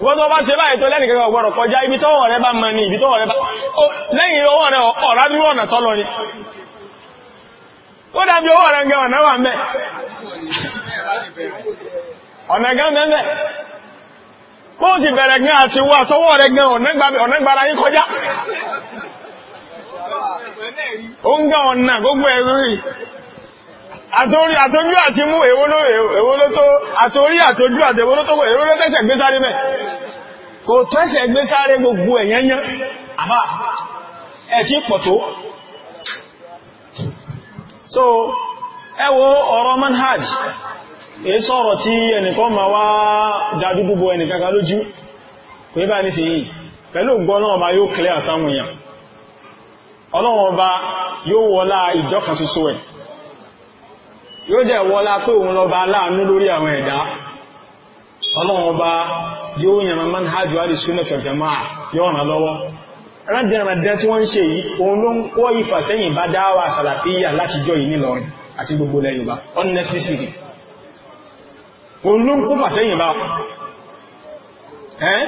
wọ́n tó bá ṣe báyìí tó lẹ́nì kẹ́kọ̀ọ́ gbọ́rọ̀ kọjá ibi tọ́wọ̀ rẹ bá mọ́ ní ibi tọ́wọ̀ rẹ bá lẹ́yìn owó bí wọ́n tọ́lọ ni ó rẹ gẹ ọ̀nà ọ̀nà ti bẹ̀rẹ̀ gan àti wà tọ́wọ́ gan ọ̀nà gbára yí kọjá ó ń gan ọ̀nà gbogbo ẹ̀rù àtorí àtojú àti mú èwo ló tó àtorí àtojú àti èwo ló tó èwo ló tẹ́sẹ̀ gbé sáré mẹ́ kò tẹ́sẹ̀ gbé sáré gbogbo ẹ̀yẹnyẹ́ àbá ẹ̀tí pọ̀ tó so ẹwọ ọ̀rọ̀ manhaj èé sọ̀rọ̀ tí ẹnìkan ma wá dájú gbogbo ẹnìkaka lójú kò ní bá ní sí yìí pẹ̀lú gbọ́nà ọba yóò clear sáwọn èèyàn ọlọ́wọ́n ọba yóò wọlá ìjọ kan ṣoṣo ẹ̀ yóò dẹ̀ wọlá pé òun lọ́ba aláàánú lórí àwọn ẹ̀dá ọlọ́run ọba yóò yànmọ́ manhajj al-sunnah wal jama'ah yóò ràn lọ́wọ́ rádìrìnàdìrìn tí wọ́n ń ṣe yìí òun ló ń kó ìfàsẹ́yìn bá dáwà sàlàfíyà látijọ́ yìí nílọrin àti gbogbo ilẹ̀ Yorùbá honestly speaking òun ló ń kó fàsẹ́yìn bá ẹ́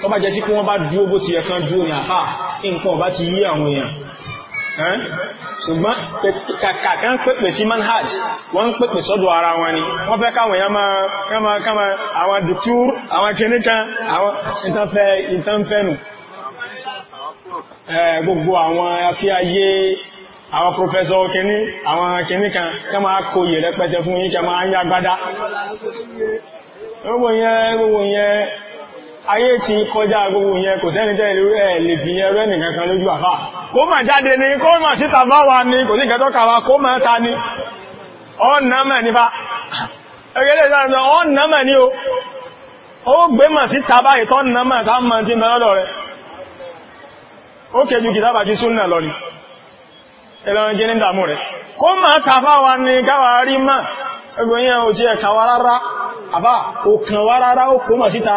tó bá jẹ́ sí pé wọ́n bá dúó bó ti yẹ kan dúó ní àfáà nǹkan ọba ti yí àwọn èèyàn ṣùgbọ́n kàkà kan pèpè sí manhaj wọ́n pèpè sọ́dọ̀ ara wọn ni wọ́n fẹ́ káwọn èèyàn máa kama àwọn dùtúr àwọn kìíní àwọn ìtànfẹ́ ìtànfẹ́nu gbogbo àwọn afíayé àwọn pòfẹ́sọ̀ kìíní àwọn kìíní kan kí máa fún yín máa ń yá gbádá gbogbo ayé ti kọjá gbogbo yẹn kò sẹ́ni tẹ́ lè fi yẹn rẹ́ kan lójú àfá kó mà jáde wa ni, kò sí ìkẹtọ́ kàwa kó mà ta ní ọ̀nà nípa ẹgbẹ́lẹ́ ìsáàrùn ọ̀nà mẹ́ ní o ó gbé mà síta bá wa ẹgbẹ̀yẹn ò wa rárá àbá òkàn wa rárá ó kó síta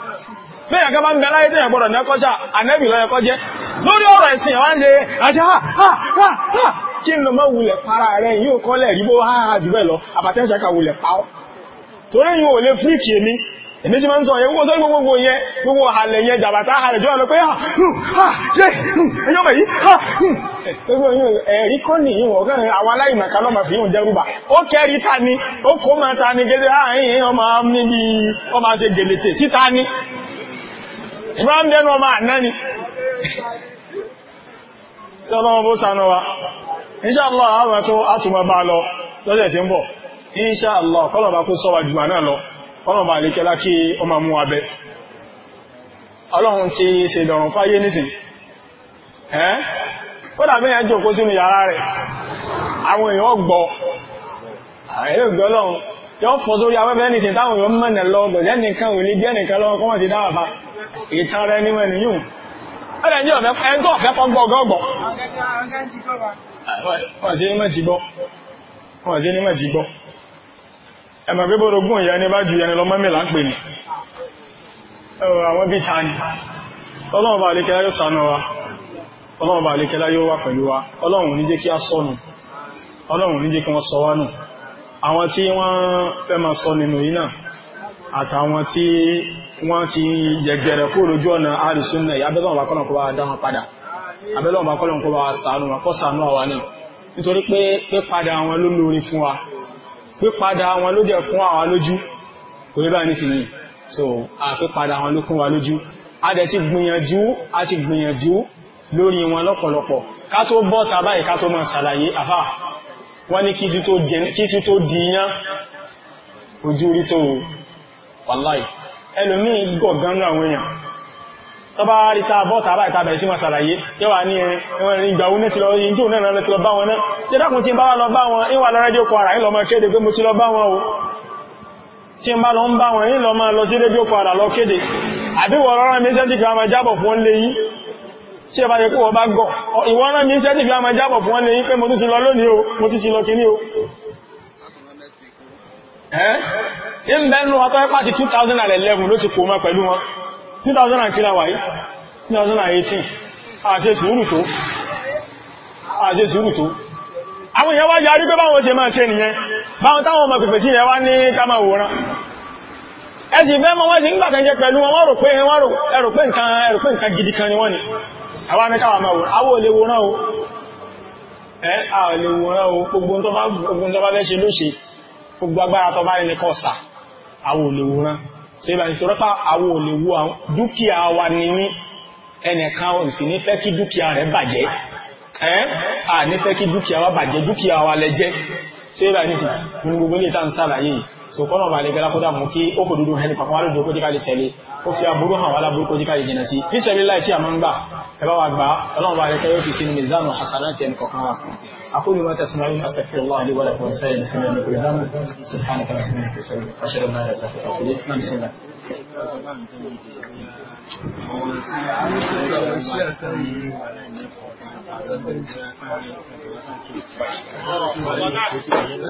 lẹ́yìn kan bá ya bẹ láyé tẹ́yìn gbọ́dọ̀ ní ọkọ́ṣà ànẹ́bì lọ́yẹ kọjẹ́ lórí ọ̀rọ̀ ha àwọn ṣe ha ha n lọ mọ́ wulẹ̀ para rẹ̀ yóò ha ríbó háhá jù bẹ́ẹ̀ lọ àbàtẹ́ṣẹ́ka wule pa ọ́ torí yóò o. fíìkì èmi èmi tí ma gbogbo sọ́rí gbogbo yẹ gbogbo àlẹ̀ jọ ma fi ta ni ma ta ni o ta ni ìbá ń bẹ́nu ọmọ àná ni tí ọlọ́wọ́ bó sánú wa inṣàlá àwọn tó átùmọ̀ bá lọ lọ́sẹ̀ tí ń bọ̀ inṣàlá kọ́lọ̀bà kó sọ́wà jùmọ̀ náà lọ kọ́lọ̀bà àlékẹ́lá kí ọmọ mú abẹ ọlọ́run ti ṣe yóò fọ́ sórí afẹ́fẹ́ nìsìn táwọn yóò mẹ́nà lọ gbẹ̀jẹ́ nìkan ò ní jẹ́ nìkan lọ́wọ́ kọ́mọ̀ sí dáwàfà ìtara ẹni nìyún ọ̀fẹ́ wọ́n ti gbọ́ ẹ̀mọ̀ pé ìyá ni bá ju ẹni lọ mọ́mí là ń pè ní àwọn bí ta ni wa ọlọ́run wa ọlọ́run ní jẹ́ kí á àwọn tí wọ́n fẹ́ máa sọ nínú yìí náà àtàwọn tí wọ́n ti jẹgẹrẹ kó lójú ọ̀nà àrísúnnà yìí abẹ́lọ́wọ̀n bá kọ́nà kó bá dá wọn padà abẹ́lọ́wọ̀n bá kọ́nà kó bá ṣàánú wọn kó ṣàánú àwa lórí wọn so àpípadà wọn ló kún wa lójú a dẹ̀ ti gbìyànjú a ti gbìyànjú lórí wọn lọ́pọ̀lọpọ̀ ká tó bọ́ tàbáyì ká tó máa ṣàlàyé àfáà wọ́n ní kíṣù tó di iyán ojú orí tó wàláì ẹlòmí gọ̀gánú àwọn èèyàn tó bá rí ta bọ́ tàbá ìtàbẹ̀ sí masàlàyé yẹ́wà ní ẹwọ̀n ìgbà oní ti lọ yíjú náà lọ ti lọ bá wọn náà tí dákùn tí ń bá lọ bá wọn ìwà lọ rédíò kọ ara ìlọ́mọ kéde pé mo ti lọ bá tí ń bá tí a bá yẹ kó wọ́n bá gọ̀ ìwọ́n rán mi iṣẹ́ níbi àmà jábọ̀ fún wọn pé mo tún ti lọ lónìí o mo ti lọ kìíní o ẹ́ ń ọkọ̀ 2011 ló ti kò mọ́ pẹ̀lú wọn wáyé 2018 àṣẹ sùúrù tó àṣẹ sùúrù tó àwọn èèyàn wá yarí pé báwọn ṣe máa ṣe nìyẹn báwọn táwọn ọmọ pèpè sí ẹ wá ní kámà mọ́ wọ́n sì ń pẹ̀lú wọn wọ́n rò pé nǹkan gidi kan ni wọ́n ni àwọn amẹ́káwà máa wò àwọn olè wòrán o ẹ́ àwọn olè wòrán o gbogbo tó bá fẹ́ ṣe lóṣe gbogbo agbára tó bá ilẹ̀ kọsà àwọn olè wòrán ṣe bá nítorí pa àwọn olè wo dúkìá wa nìyí ẹnìkan ò sì ní fẹ́ kí dúkìá rẹ̀ bàjẹ́ so kọ́nà bá lè gẹ́lá kódà mú kí ó kò dúdú hẹni pàpọ̀ alójú kó díkàlì tẹ̀lé ó fi àbúrú hàn wálá burúkú díkàlì jìnà sí bí sẹ́bí láì a máa ń gbà ẹbá wa gbà ọlọ́run bá lè kẹ́ yóò fi sínú mizanu hasanati ẹni kọ̀kan wa aqulu ma tasma'un astaghfirullah li wa lakum sẹ́yìn ní sinmi ní kúrìdán subhanaka wa ta'ala ashhadu an la ilaha illa anta astaghfiruka wa atubu ilayk Thank you.